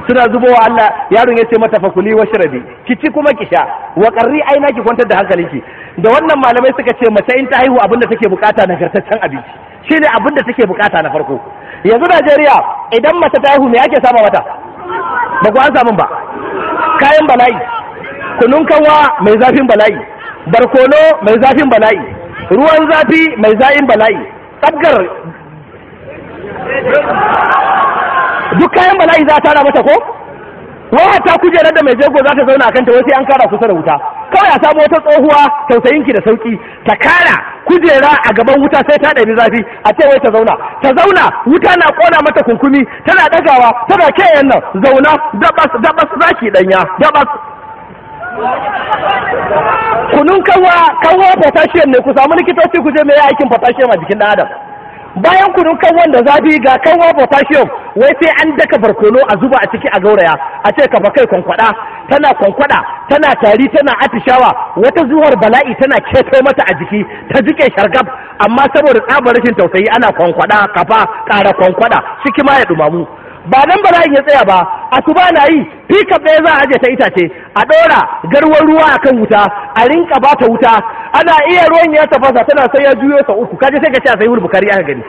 suna wa Allah yaron ya ce mata fakuli wa shirabi ki ci kuma ki sha wa qarri aina ki kwantar da hankalinki da wannan malamai suka ce mace in ta haihu abinda take bukata gartaccen abinci shine abinda take bukata na farko yanzu Najeriya idan mace ta haihu me yake sama mata ba ku an samu ba kayan bala'i kunun kanwa mai zafin bala'i barkono mai zafin bala'i ruwan zafi mai zafin bala'i tsabgar duk kayan bala'i za a tara mata ko wata ta kujerar da mai jego za ta zauna a kanta wasu an kara kusa da wuta kawai a samu wata tsohuwa tausayin ki da sauki ta kara kujera a gaban wuta sai ta ɗabi zafi a ce wai ta zauna ta zauna wuta na ƙona mata kunkumi tana ɗagawa tana ke nan zauna dabas dabas zaki ɗanya dabas kunun kawa kawo potassium ne ku samu likitoci ku je mai aikin potassium a jikin ɗan adam bayan kunun kan da zafi ga kanwa potassium wai sai an daka barkono a zuba a ciki a gauraya a ce kafa kai kwankwada tana kwankwada tana tari tana atishawa wata zuwar bala'i tana keto mata a jiki ta jike shargab amma saboda tsabar rashin tausayi ana kwankwada kafa kara kwankwada ciki ma ya dumamu ba nan bala'in ya tsaya ba a tuba na yi pikap ɗaya za a ajiye ta itace a ɗora garwar ruwa a kan wuta a rinka ba ta wuta ana iya ruwan ya tafasa tana sai ya juyo sa uku kaje sai ka ce a sai bukari aka gani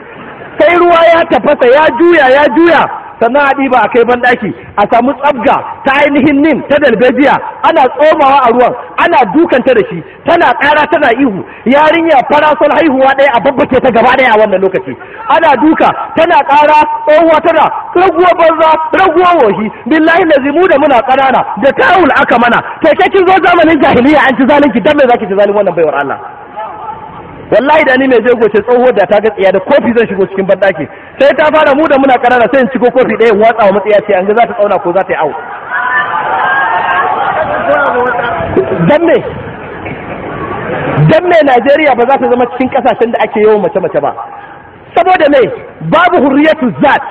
sai ruwa ya tafasa ya juya ya juya sannan a ɗiba a kai banɗaki a samu tsabga ta ainihin nin ta dalbejiya ana tsomawa a ruwan ana dukanta da shi tana ƙara tana ihu yarinya son haihuwa ɗaya a babbake ta gaba ɗaya a wannan lokaci ana duka tana ƙara tsohuwa tana raguwa banza raguwa wahi billahi zimu da muna ƙanana da tawul aka mana to kin zo zamanin jahiliya an ci zalunci dan me zaki ci zalun wannan baiwar Allah wallahi da ni mai zai goce tsohuwar da ta ga tsiya da kofi zan shigo cikin banɗaki sai ta fara mu da muna ƙanana sai in kofi ɗaya watsa wa matsiya ce an ga za ta tsauna ko za ta yi awo dan me dan Najeriya ba za ta zama cikin kasashen da ake yawan mace-mace ba saboda me babu hurriyatu zat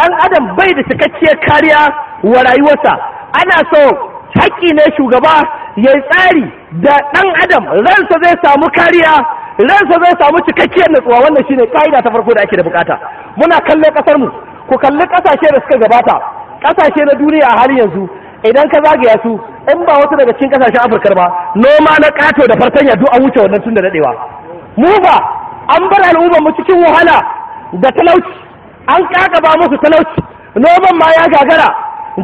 dan adam bai da cikakkiyar kariya wa rayuwarsa ana so haƙƙi ne shugaba yayi tsari da ɗan adam ransa zai samu kariya ransa zai samu cikakkiyar natsuwa wannan shine ka'ida ta farko da ake da bukata muna kallon kasar mu ku kalli kasashe da suka gabata kasashe na duniya a halin yanzu idan ka zagaya su in ba wasu daga cikin kasashen afirka ba noma na kato da fartanya duk an wuce wannan tun da dadewa mu ba an bar al'ummar mu cikin wahala da talauci an kakaba musu talauci noman ma ya gagara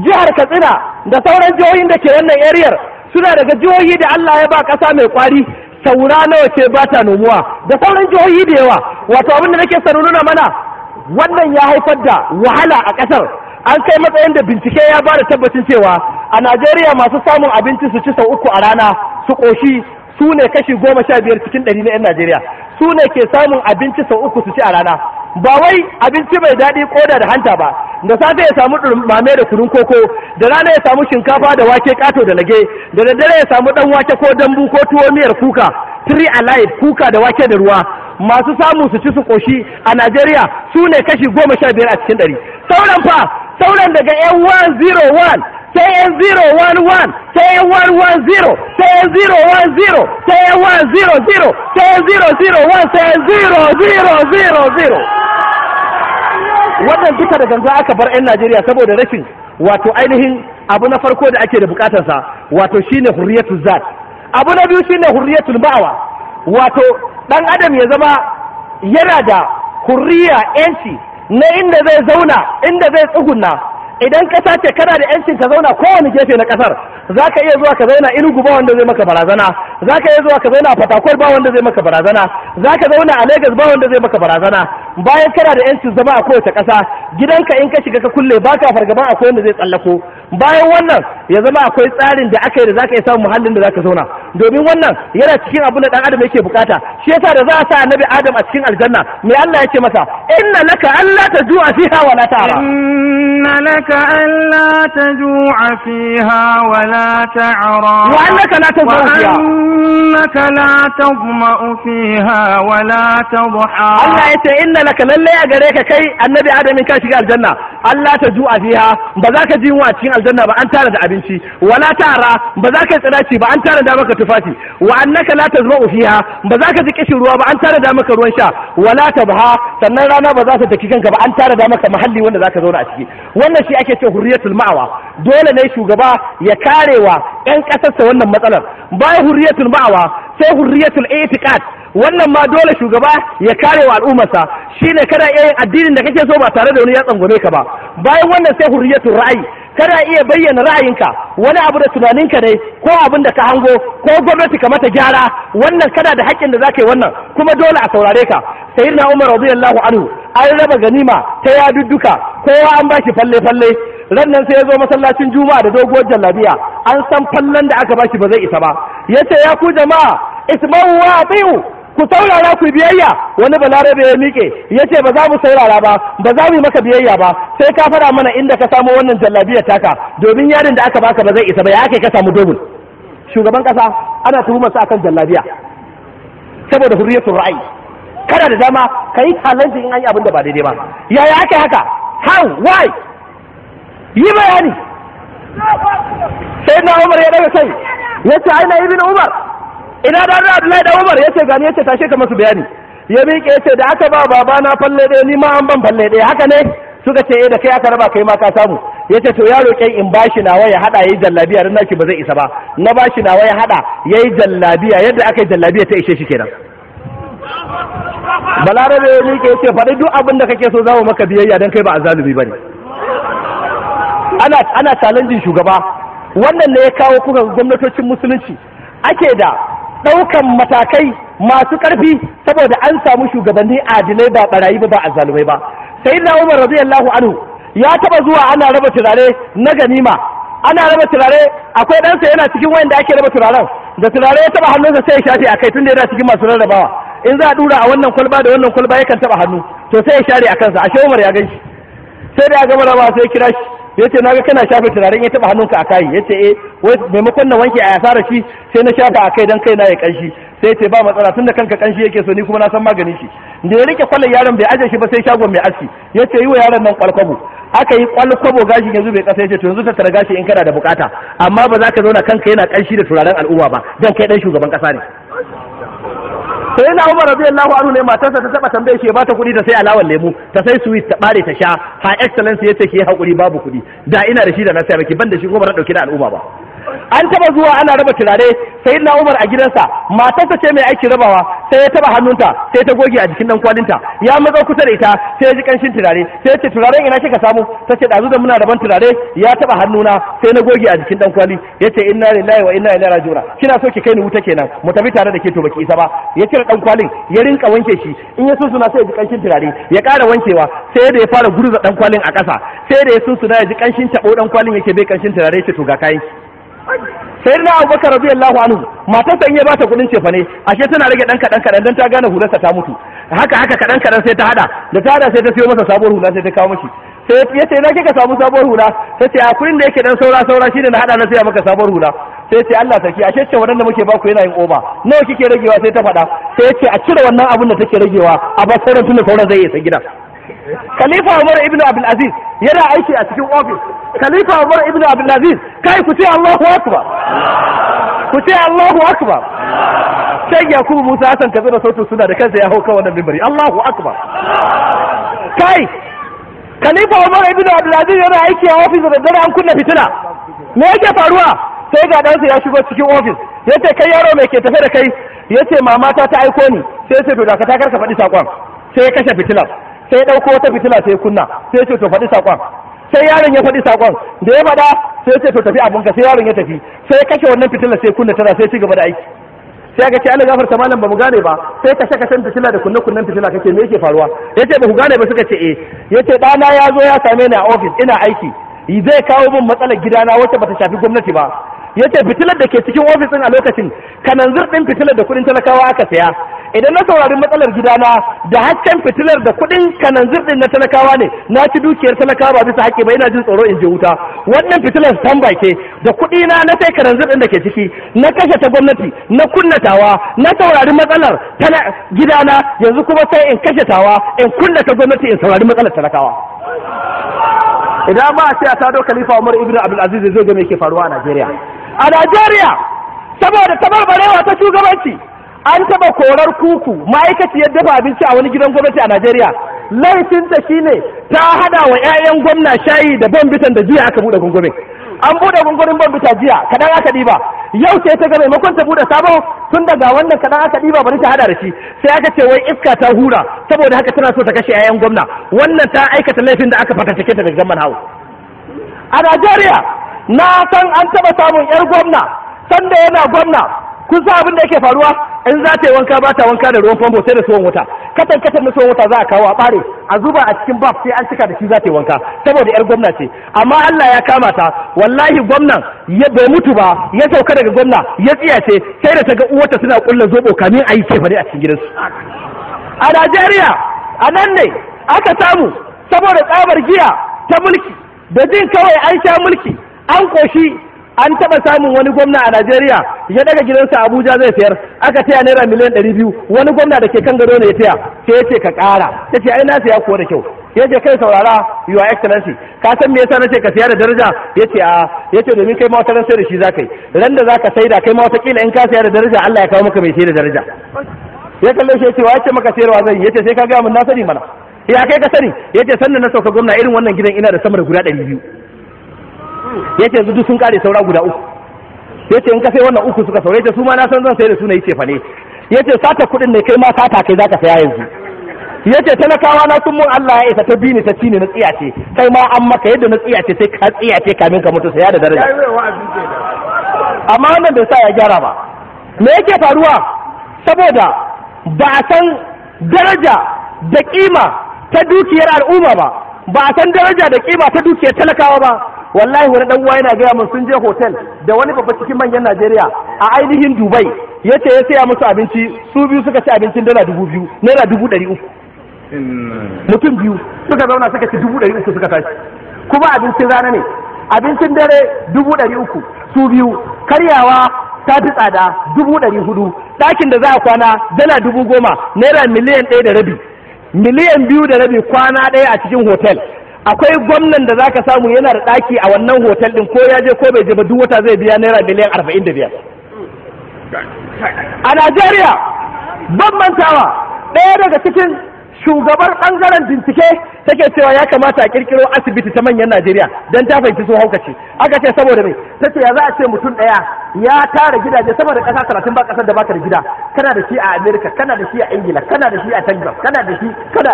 jihar katsina da sauran jihohin da ke wannan ariyar suna daga jihohi da allah ya ba kasa mai kwari taura nawa ce ba ta nomuwa da sauran jihohi da yawa wato abin da nake sanu nuna mana wannan ya haifar da wahala a ƙasar an kai matsayin da bincike ya ba da tabbacin cewa a najeriya masu samun abinci su ci sau uku a rana su ƙoshi su ne kashi goma sha biyar cikin ɗari na 'yan najeriya su ne ke samun abinci sau uku su ci a rana ba wai abinci mai daɗi koda da hanta ba da safe ya samu mame da kurun koko da rana ya samu shinkafa da wake ƙato da lage da daddare ya samu ɗan wake ko dambu ko tuwo miyar kuka three alive kuka da wake da ruwa masu samu su ci su ƙoshi a Najeriya su ne kashi goma sha biyar a cikin ɗari sauran fa sauran daga yan one zero one sai yan zero one one sai yan one one zero sai yan zero one zero sai yan one zero zero sai yan zero zero one sai yan zero zero zero zero wannan duka da ganga aka bar 'yan najeriya saboda rashin wato ainihin abu na farko da ake da bukatarsa wato shine hurriyatul zat abu na biyu shine hurriyatul ma'awa wato dan adam ya zama yana da hurriya yanci na inda zai zauna inda zai tsugunna idan kasa ce kana da yancin ka zauna kowane gefe na kasar zaka iya zuwa ka zauna inugu ba wanda zai maka barazana zaka iya zuwa ka zauna a fatakwal ba wanda zai maka barazana zaka zauna a Legas ba wanda zai maka barazana bayan kana da yancin zama a kowace ƙasa gidanka in ka shiga ka kulle ba baka fargaban akwai wanda zai tsallako bayan wannan ya zama akwai tsarin da aka yi da zaka iya samun muhallin da za ka zauna domin wannan yana cikin abin da dan adam yake bukata shi yasa da za a sa annabi adam a cikin aljanna me Allah yake masa inna laka alla tajua fiha wa la ta'ra inna laka alla tajua fiha wa la ta'ra wa annaka la tazma fiha wa annaka la tazma fiha wa la tadha Allah yace inna laka lalle a gare ka kai annabi adam in ka shiga aljanna Allah tajua fiha ba za ka ji wa cikin aljanna ba an tara da abinci wala tara ba za ka yi tsiraci ba an tara da maka tufafi wa annaka la tazma'u fiha ba za ka ji kishin ruwa ba an tara da maka ruwan sha wala tabha sannan rana ba za ta taki kanka ba an tara da maka mahalli wanda za ka zauna a ciki wannan shi ake ce hurriyatul ma'awa dole ne shugaba ya karewa yan ƙasarsa wannan matsalar bayan hurriyatul ma'awa sai hurriyatul itiqad wannan ma dole shugaba ya kare wa al'ummarsa shine kada iya yin addinin da kake so ba tare da wani ya tsangwame ka ba bayan wannan sai hurriyatul ra'ayi kana iya bayyana ra'ayinka wani abu da tunaninka ne ko abin da ka hango ko gwamnati ka mata gyara wannan kana da haƙƙin da zaka yi wannan kuma dole a saurare ka sayyidina Umar radiyallahu anhu an raba ganima ta yadudduka kowa an bashi falle falle ran nan sai ya zo masallacin juma'a da doguwar jallabiya an san fallan da aka bashi ba zai isa ba ya ce ya ku jama'a isma'u wa atiu ku saurara ku biyayya wani balarabe ya miƙe ya ce ba za mu saurara ba ba za mu yi maka biyayya ba sai ka fara mana inda ka samo wannan jallabiya taka domin yarin da aka baka ba zai isa ba ya ake ka samu dogon shugaban kasa ana tuhumar sa akan jallabiya saboda hurriyatul ra'ayi kana da dama kai talanci in an yi abin da ba daidai ba yaya ake haka how why yi bayani sai na Umar ya daga kai yace aina ibn Umar ina da da Abdullahi da Umar ce gani Ya ce tashe ka masu bayani ya miƙe ya ce da aka ba baba na falle ɗaya ni ma an ban falle ɗaya haka ne suka ce eh da kai aka raba kai ma ka samu Ya ce to ya roƙe in bashi nawa ya hada yayi jallabiya dan naki ba zai isa ba na bashi nawa ya hada yayi jallabiya yadda aka yi jallabiya ta ishe shi kenan balarabe ya miƙe ya ce faɗi duk abin da kake so zamu maka biyayya dan kai ba a azalumi ba ana ana challenging shugaba wannan ne ya kawo kuka gwamnatocin musulunci ake da ɗaukan matakai masu ƙarfi saboda an samu shugabanni adilai ba barayi ba ba azzalumai ba sai na umar radiyallahu anhu ya taba zuwa ana raba turare na ganima ana raba turare akwai ɗansa yana cikin da ake raba turaren da turare ya taba hannunsa sai ya shafe kai tunda yana cikin masu rarrabawa in za a dura a wannan kwalba da wannan kwalba yakan taba hannu to sai ya share a kansa ashe umar ya gan shi sai da ya gama rawa sai kira shi ya ce naga kana shafe turaren ya taba hannunka a kai ya ce eh wai maimakon na wanke a yasara shi sai na shafa a kai don kai na ya kanshi sai ya ce ba matsala da kanka kanshi yake so ni kuma na san maganin shi da ya rike kwallon yaron bai ajiye shi ba sai shagon mai aski ya ce yi wa yaron nan kwalkwabo aka yi kwalkwabo gashi yanzu bai kasa ya ce to yanzu tattara gashi in kana da bukata amma ba za ka zauna kanka yana kanshi da turaren al'umma ba dan kai dan shugaban kasa ne sai na Umar radiyallahu anhu ne matarsa ta taba tambaye shi ba ta kuɗi ta sai alawan lemu ta sai sweet ta bare ta sha ha excellence yace ki hakuri babu kuɗi da ina da shi da na sai baki ban da shi ko ba na dauki da al'umma ba an taba zuwa ana raba turare sai na umar a gidansa matarsa ce mai aiki rabawa sai ya taba hannunta sai ta goge a jikin dan ya matsa kusa da ita sai ya ji kanshin turare sai ya ce turaren ina kika samu ta ce dazu da muna raban turare ya taba hannuna sai na goge a jikin dan ya ce inna lillahi wa inna ilaihi raji'un kina so ki kai ni wuta kenan mu tafi tare da ke to baki isa ba ya cire dan ya rinka wanke shi in ya sunsuna sai ya ji kanshin turare ya ƙara wankewa sai da ya fara gurza dan a ƙasa sai da ya sunsuna ya ji kanshin tabo dan kwalin yake bai kanshin turare ya ce to ga kayan sai na abubakar radiyallahu anhu matar sa in ya ba ta kudin cefane ashe tana rage dan kadan kadan dan ta gane sa ta mutu haka haka kadan kadan sai ta hada da ta hada sai ta siyo masa sabuwar hula sai ta kawo mishi sai ya ce na kika samu sabuwar hula sai ce a da yake dan saura saura shine na hada na saya maka sabuwar hula sai ce Allah sarki ashe ce wadanda da muke baku yana yin oba nawa kike ragewa sai ta fada sai ce a cire wannan abun da take ragewa a ba sauran tun da sauran zai yi sa gida khalifa umar ibn abdul aziz yana aiki a cikin ofis khalifa umar ibn abdul aziz kai ku ce allahu akbar ku ce allahu akbar sai yakubu musa hasan kazo da sautin suna da kansa ya hauka wannan mimbari allahu akbar kai khalifa umar ibn abdul aziz yana aiki a ofis da dare an kunna fitila me yake faruwa sai ga dansa ya shigo cikin ofis yace kai yaro mai ke tafe da kai yace mama ta ta aiko ni sai ya ce to dakata karka faɗi sakon sai ya kashe fitilar sai ya ɗauko wata fitila sai kunna sai ya ce to faɗi saƙon sai yaron ya faɗi saƙon da ya faɗa sai ya ce to tafi abinka sai yaron ya tafi sai kashe wannan fitilar sai kunna tana sai ci gaba da aiki sai ga ce Allah gafarta malam bamu gane ba sai kashe kashen fitila da kunne kunnen fitila kake me yake faruwa yace ba ku gane ba suka ce eh yace dana ya zo ya same ni a office ina aiki zai kawo min matsalar gidana wacce bata shafi gwamnati ba yace fitilar da ke cikin ofis ɗin a lokacin kananzir ɗin fitilar da kuɗin talakawa aka saya idan na saurari matsalar gidana da hasken fitilar da kuɗin kananzir ɗin na talakawa ne na ci dukiyar talakawa ba bisa haƙƙi ba ina jin tsoro in je wuta wannan fitilar san ke da kuɗi na na sai kananzir ɗin da ke ciki na kashe ta gwamnati na kunnatawa na saurari matsalar gidana yanzu kuma sai in kashe tawa in kunnata gwamnati in saurari matsalar talakawa idan ba a ce a tado khalifa umar ibn aziz zai ga me ke faruwa a najeriya a najeriya saboda tabarbarewa ta shugabanci an taba korar kuku ma'aikaciyar dafa abinci a wani gidan gwamnati a Najeriya laifinta shine ta hada wa 'ya'yan gwamna shayi da banbitan da jiya aka bude gungumin an bude gungumin bambita jiya kadan aka diba yau ce ta ga maimakon ta bude sabo tun daga wannan kadan aka diba bari ta hada da shi sai aka ce wai iska ta hura saboda haka tana so ta kashe 'ya'yan gwamna wannan ta aikata laifin da aka fatacike ta daga zaman hawa a Najeriya na san an taba samun 'yar gwamna sanda yana gwamna kun sa abin da yake faruwa in za ta yi wanka ba ta wanka da ruwan famfo sai da tsohon wuta katan katan na tsohon wuta za a kawo a bare a zuba a cikin bab sai an cika da shi za ta yi wanka saboda yar gwamna ce amma Allah ya kama ta wallahi gwamnan ya bai mutu ba ya sauka daga gwamna ya tsiyace sai da ta ga uwarta suna kulla zobo kamin a yi kefane a cikin gidansu a Najeriya a nan ne aka samu saboda tsabar giya ta mulki da jin kawai an sha mulki an koshi an taba samun wani gwamna a Najeriya ya daga gidansa Abuja zai fiyar aka taya naira miliyan ɗari biyu wani gwamna da ke kan gado ne ya taya sai yace ka ƙara yace ai na saya kuwa da kyau yace kai saurara your excellency ka san me yasa nace ka saya da daraja yace a yace domin kai ma wata ran sai da shi zakai ran da zaka saida kai ma wata kila in ka saya da daraja Allah ya kawo maka mai sai da daraja ya kalle shi yace wa yace maka sayarwa zan yace sai ka ga mun na sani mana ya kai ka sani yace sannan na sauka gwamna irin wannan gidan ina da sama da guda 200 ce yanzu duk sun kare saura guda uku ce in ka sai wannan uku suka saura su ma na san zan sai da su na yi cefa ne yace sata kuɗin ne kai ma sata kai zaka saya yanzu yace talakawa na sun mun Allah ya isa ta bini ta cini na tsiyace kai ma an maka yadda na tsiyace sai ka tsiyace kamin ka mutu saya da daraja amma wannan bai sa ya gyara ba me yake faruwa saboda ba a san daraja da kima ta dukiyar al'umma ba ba a san daraja da kima ta dukiyar talakawa ba wallahi wani dan uwa yana gaya mun sun je hotel da wani babba cikin manyan Najeriya a ainihin Dubai yace ya saya musu abinci su biyu suka ci abincin dala dubu biyu naira dubu ɗari uku mutum biyu suka zauna suka ci dubu ɗari uku suka tashi kuma abincin rana ne abincin dare dubu ɗari uku su biyu karyawa ta fi tsada dubu ɗari hudu ɗakin da za a kwana dala dubu goma naira miliyan ɗaya da rabi miliyan biyu da rabi kwana ɗaya a cikin hotel akwai gwamnan da zaka samu yana da ɗaki a wannan hotel ɗin ko ya je ko bai je ba duk wata zai biya naira miliyan arba'in da biyar a najeriya ban mantawa ɗaya daga cikin shugabar ɓangaren bincike take cewa ya kamata a kirkiro asibiti ta manyan Najeriya don ta fahimci sun haukace aka ce saboda me ce ya za a ce mutum ɗaya ya tara gidaje sama da ƙasa talatin ba ƙasar da baka da gida kana da shi a amerika kana da shi a Ingila kana da shi a Tanzania kana da shi kana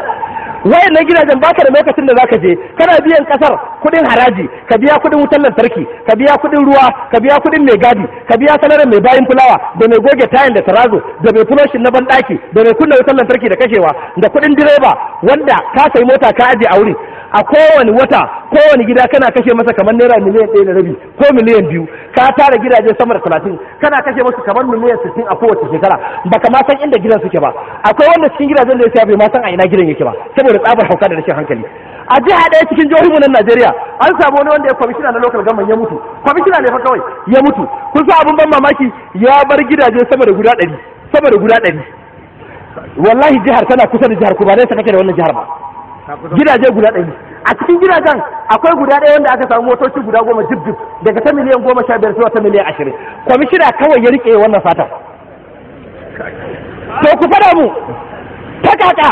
wayannan gidajen ka da lokacin da za ka je kana biyan kasar kuɗin haraji ka biya kuɗin wutar lantarki ka biya kuɗin ruwa ka biya kuɗin mai gadi ka biya sanarar mai bayan fulawa da mai goge tayan da tarazo da mai fuloshin na banɗaki da mai kunna wutar lantarki da kashewa da kudin direba wanda ka sai mota ka aje a wuri a kowane wata kowane gida kana kashe masa kamar naira miliyan ɗaya da rabi ko miliyan biyu ka tara gidaje sama da talatin kana kashe masa kamar miliyan sittin a kowace shekara baka ma san inda gidan suke ba akwai wanda cikin gidajen da ya siya bai ma san a ina gidan yake ba saboda tsabar hauka da rashin hankali a jiha ɗaya cikin jihohinmu na Najeriya an samu wani wanda ya kwamishina na lokal government ya mutu kwamishina ne fa kawai ya mutu kun sa abin ban mamaki ya bar gidaje sama da guda ɗari sama da guda ɗari wallahi jihar tana kusa da jihar ku ba nesa kake da wannan jihar ba gidaje guda ɗaya. a cikin gidajen akwai guda ɗaya wanda aka samu motoci guda goma jib jib daga ta miliyan goma sha biyar zuwa ta miliyan ashirin kwamishina kawai ya riƙe wannan fata. to ku faɗa mu ta kaka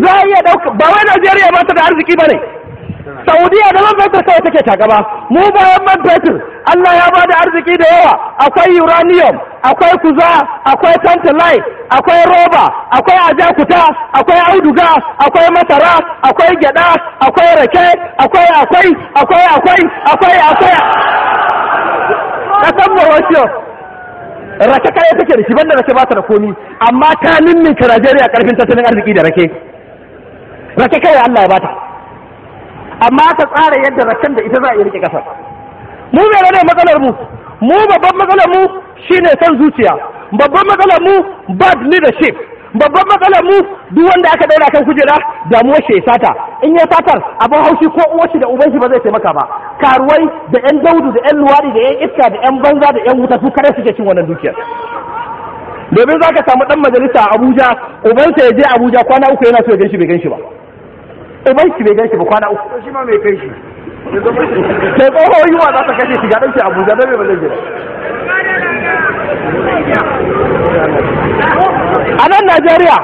za a iya ɗauka ba wai najeriya ba ta da arziki ba ne saudiya da man fetur kawai take ta gaba mu bayan man fetur allah ya ba da arziki da yawa akwai uranium akwai kuza akwai tantalai akwai roba akwai ajakuta akwai auduga akwai masara akwai gyada akwai rake akwai akwai akwai akwai akwai akwai na kasan morocco rake kare take da shi banda rake ba ta da komi amma ta ninninka najeriya karfin tattalin arziki da rake rake kare allah ya bata amma ka tsara yadda rakan da ita za a yi rike kasar mu me ne matsalar mu mu babban matsalar mu shine san zuciya babban matsalar mu bad leadership babban matsalar mu duk wanda aka daura kan kujera damuwar shi sata in ya satar abin haushi ko shi da uban shi ba zai taimaka ba karuwai da yan daudu da yan luwadi da yan iska da yan banza da yan wuta su kare suke cin wannan dukiyar domin za ka samu dan majalisa a abuja uban ubansa ya je abuja kwana uku yana so ya gan shi bai gan ba uban shi bai ganshi ba kwana uku shi ma mai kai shi sai tsoho yiwa za ta kashe shi ga ɗanki abuja don mai ba zai a nan najeriya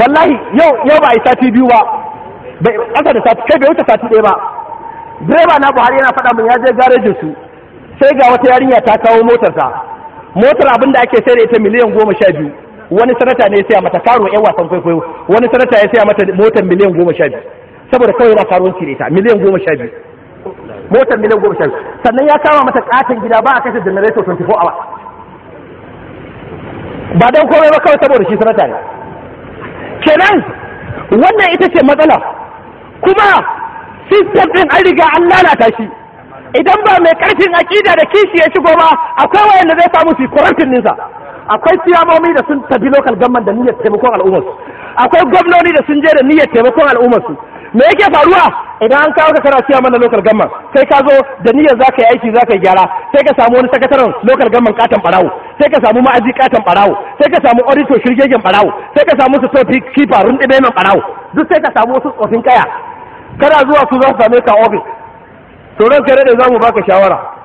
wallahi yau yau ba a yi sati biyu ba ƙasa da sati kai bai wuce sati ɗaya ba direba na buhari yana faɗa min ya je garejin su sai ga wata yarinya ta kawo motarsa motar abin da ake sai da ita miliyan goma sha biyu wani sanata ne ya saya mata karo yan wasan kwaikwayo wani sanata ya saya mata motar miliyan goma sha biyu saboda kawai yana karuwanci ne ita miliyan goma sha biyu motar miliyan goma sha biyu sannan ya kama mata katin gida ba a kashe generator 24 awa. ba don komai ba kawai saboda shi sanata ne kenan wannan ita ce matsala kuma sistem ɗin an riga an lalata shi idan ba mai karfin aƙida da kishi ya shigo ba akwai wayanda zai samu su korafin ninsa akwai siyamomi da sun tafi lokal gamman da niyyar taimakon al'ummarsu akwai gwamnoni da sun je da niyyar taimakon al'ummarsu me yake faruwa idan an kawo ka kana siya mana local government sai ka zo da niyyar za ka yi aiki za ka yi gyara sai ka samu wani sakataren lokal gamman katon barawo sai ka samu ma'aji katon barawo sai ka samu auditor shirgegen barawo sai ka samu su sofi kifa rundume mai barawo duk sai ka samu wasu tsofin kaya kana zuwa su za su same ka office to ran da za mu baka shawara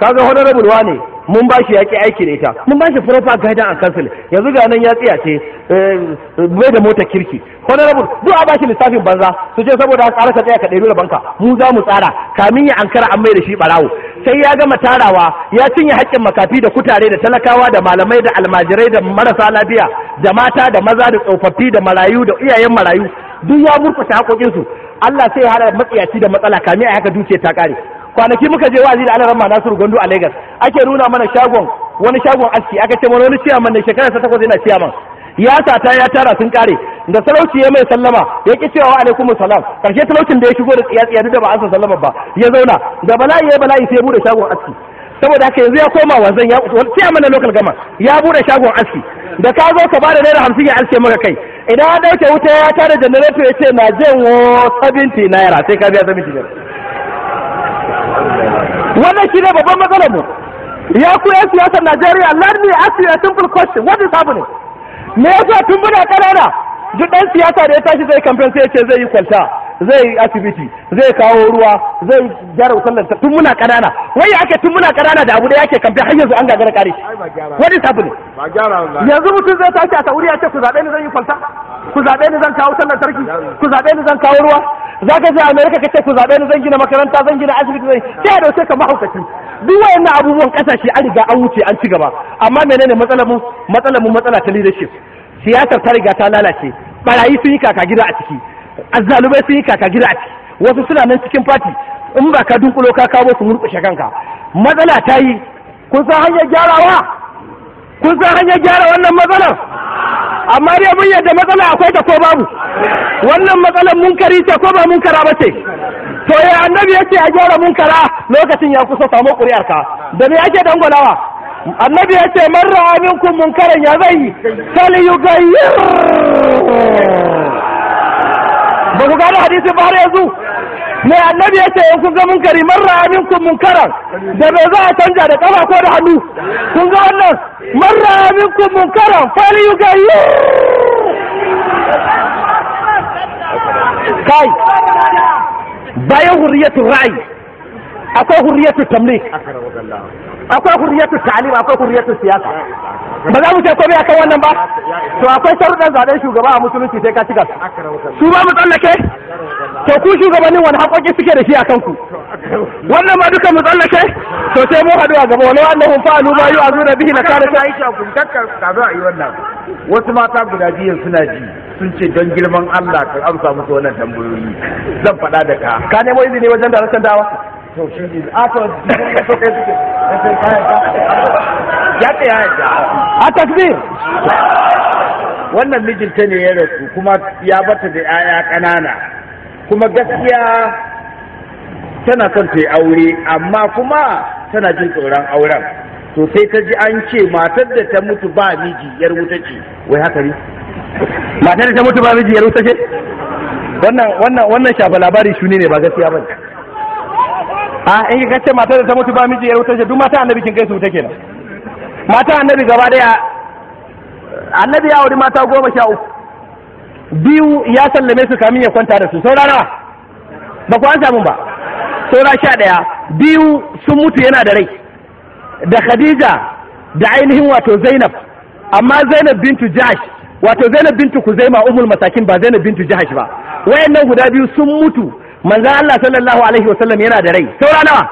kaga honorable wane mun ba shi yaƙi aiki da ita mun ba shi proper guidance and counsel yanzu ga nan ya tsaya ce mai eh, da mota kirki honorable duk a ba shi lissafin banza su ce saboda an tsara ka tsaya ka ɗari da banka mu za mu tsara kamin ya ankara an mai da shi barawo sai ya gama tarawa ya cinye haƙƙin makafi da kutare da talakawa da malamai da almajirai da marasa lafiya da mata da maza da tsofaffi da marayu da iyayen marayu duk ya burkuta haƙoƙinsu Allah sai ya hada matsiyaci da matsala kamin a haka dukiyar ta ƙare kwanaki muka je wazi da alaran ma Nasiru Gondo a Lagos ake nuna mana shagon wani shagon aski aka ce mana wani ciyaman ne shekara ta takwas yana ciyaman ya sata ya tara sun kare da salauci ya mai sallama ya ki cewa wa alaikum salam karshe talaucin da ya shigo da tsiyatsiya duk da ba an san sallama ba ya zauna da bala'i ya bala'i sai ya bude shagon aski saboda haka yanzu ya koma wanzan ya ciyaman mana local gama ya bude shagon aski da ka zo ka bada naira hamsin ya aske maka kai idan ya dauke wuta ya tara janareto ya ce na jin wo sabinti naira sai ka biya sabinti naira wannan shine babban matsalar mu ya ku yan siyasar Najeriya learn me ask you a simple question what is happening me yasa tun muna kanana duk ɗan siyasa da ya tashi zai kamfen sai ya ce zai yi kwalta zai yi asibiti zai kawo ruwa zai gyara wutan lantarki tun muna ƙanana wai ya ake tun muna ƙanana da abu da yake kamfen har yanzu an gagara kare wani is happening yanzu mutum zai tashi a sauri ya ce ku zaɓe ni zan yi kwalta ku zaɓe ni zan kawo wutar lantarki ku zaɓe ni zan kawo ruwa za ka je amerika ka ce ku zaɓe ni zan gina makaranta zan gina asibiti zan sai ya dauke ka mahaukaci duk wayannan abubuwan kasashe an riga an wuce an ci gaba amma menene matsalar mu matsalar mu matsala ta leadership siyasar ta riga ta lalace barayi sun yi kaka gida a ciki azzalumai sun yi kaka gida a ciki wasu suna nan cikin fati in ba ka dunkulo ka kawo su murƙushe kanka matsala ta yi kun san hanyar gyarawa kun san hanyar gyara wannan matsalar amma dai mun yadda matsala akwai ta ko babu wannan matsalar munkari ce ko ba munkara ba ce to ya annabi yace a gyara munkara lokacin ya kusa samu ƙuri'arka da me yake dangwalawa annabi ya ce man ra'a minkum munkaran ya zai falyughayyir ba ku gane hadisi ba har yanzu mai annabi ya ce in kun ga munkari man ra'a minkum munkaran da bai za a canja da kafa ko da hannu kun ga wannan man ra'a minkum munkaran falyughayyir kai bayan hurriyatu ra'i akwai hurriyatu tamlik akwai hurriyatu ta'alim akwai hurriyatu siyasa ba za mu ce komai akan wannan ba to akwai sharuɗan zaben shugaba a musulunci sai ka cika su ba mu tsallake to ku shugabannin wani haƙoƙi suke da shi a kanku wannan ma duka mu tsallake to sai mu haɗu a gaba wani wannan hun fa'alu ma yu bihi la kana ta aisha kun takka zo a yi wannan wasu mata guda biyu suna ji sun ce don girman Allah ka amsa musu wannan tambayoyi zan faɗa da ka ka nemo izini wajen da rashin dawa to shi ne a ah, to ya ce ya a takbir wannan mijinta ne ya rasu kuma ya bata da 'ya'ya ƙanana kuma gaskiya tana son ta yi aure amma kuma tana jin tsoron auren to sai ta ji an ce matar da ta mutu ba miji yar wuta ce wai haka ne matar da ta mutu ba miji yar wuta ce wannan wannan wannan shafa labari shuni ne ba gaskiya ba a in ka ce matar da ta mutu ba miji yar wuta ce duk mata annabi kin kai su wuta kenan mata annabi gaba daya annabi ya auri mata goma sha uku biyu ya sallame su kamin ya kwanta da su saura nawa ba ku an samu ba saura sha daya biyu sun mutu yana da rai da khadija da ainihin wato zainab amma zainab bintu jash wato zainab bintu kuzaima umul masakin ba zainab bintu jahash ba wayannan guda biyu sun mutu manzan Allah sallallahu alaihi wasallam yana da rai saura nawa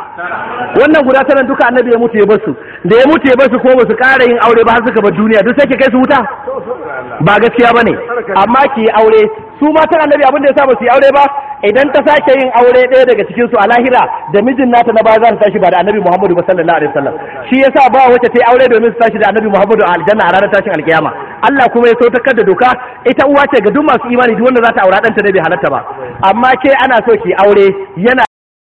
wannan guda tara duka annabi ya mutu ya bar su da ya mutu ya su ko basu ƙara yin aure ba har suka bar duniya duk sai ke kai su wuta ba gaskiya bane amma ki yi aure su matan annabi abin da sa ba su yi aure ba idan ta sake yin aure ɗaya daga cikin su a lahira da mijin nata na baya za ta tashi ba da annabi Muhammadu sallallahu alaihi wasallam shi yasa ba wacce ta yi aure domin su tashi da annabi Muhammadu a aljanna a ranar tashin alkiyama Allah kuma ya sautakar da doka ita uwa ce ga duk masu imani duk wanda za ta aura ɗanta ne bai halatta ba amma ke ana so ki aure yana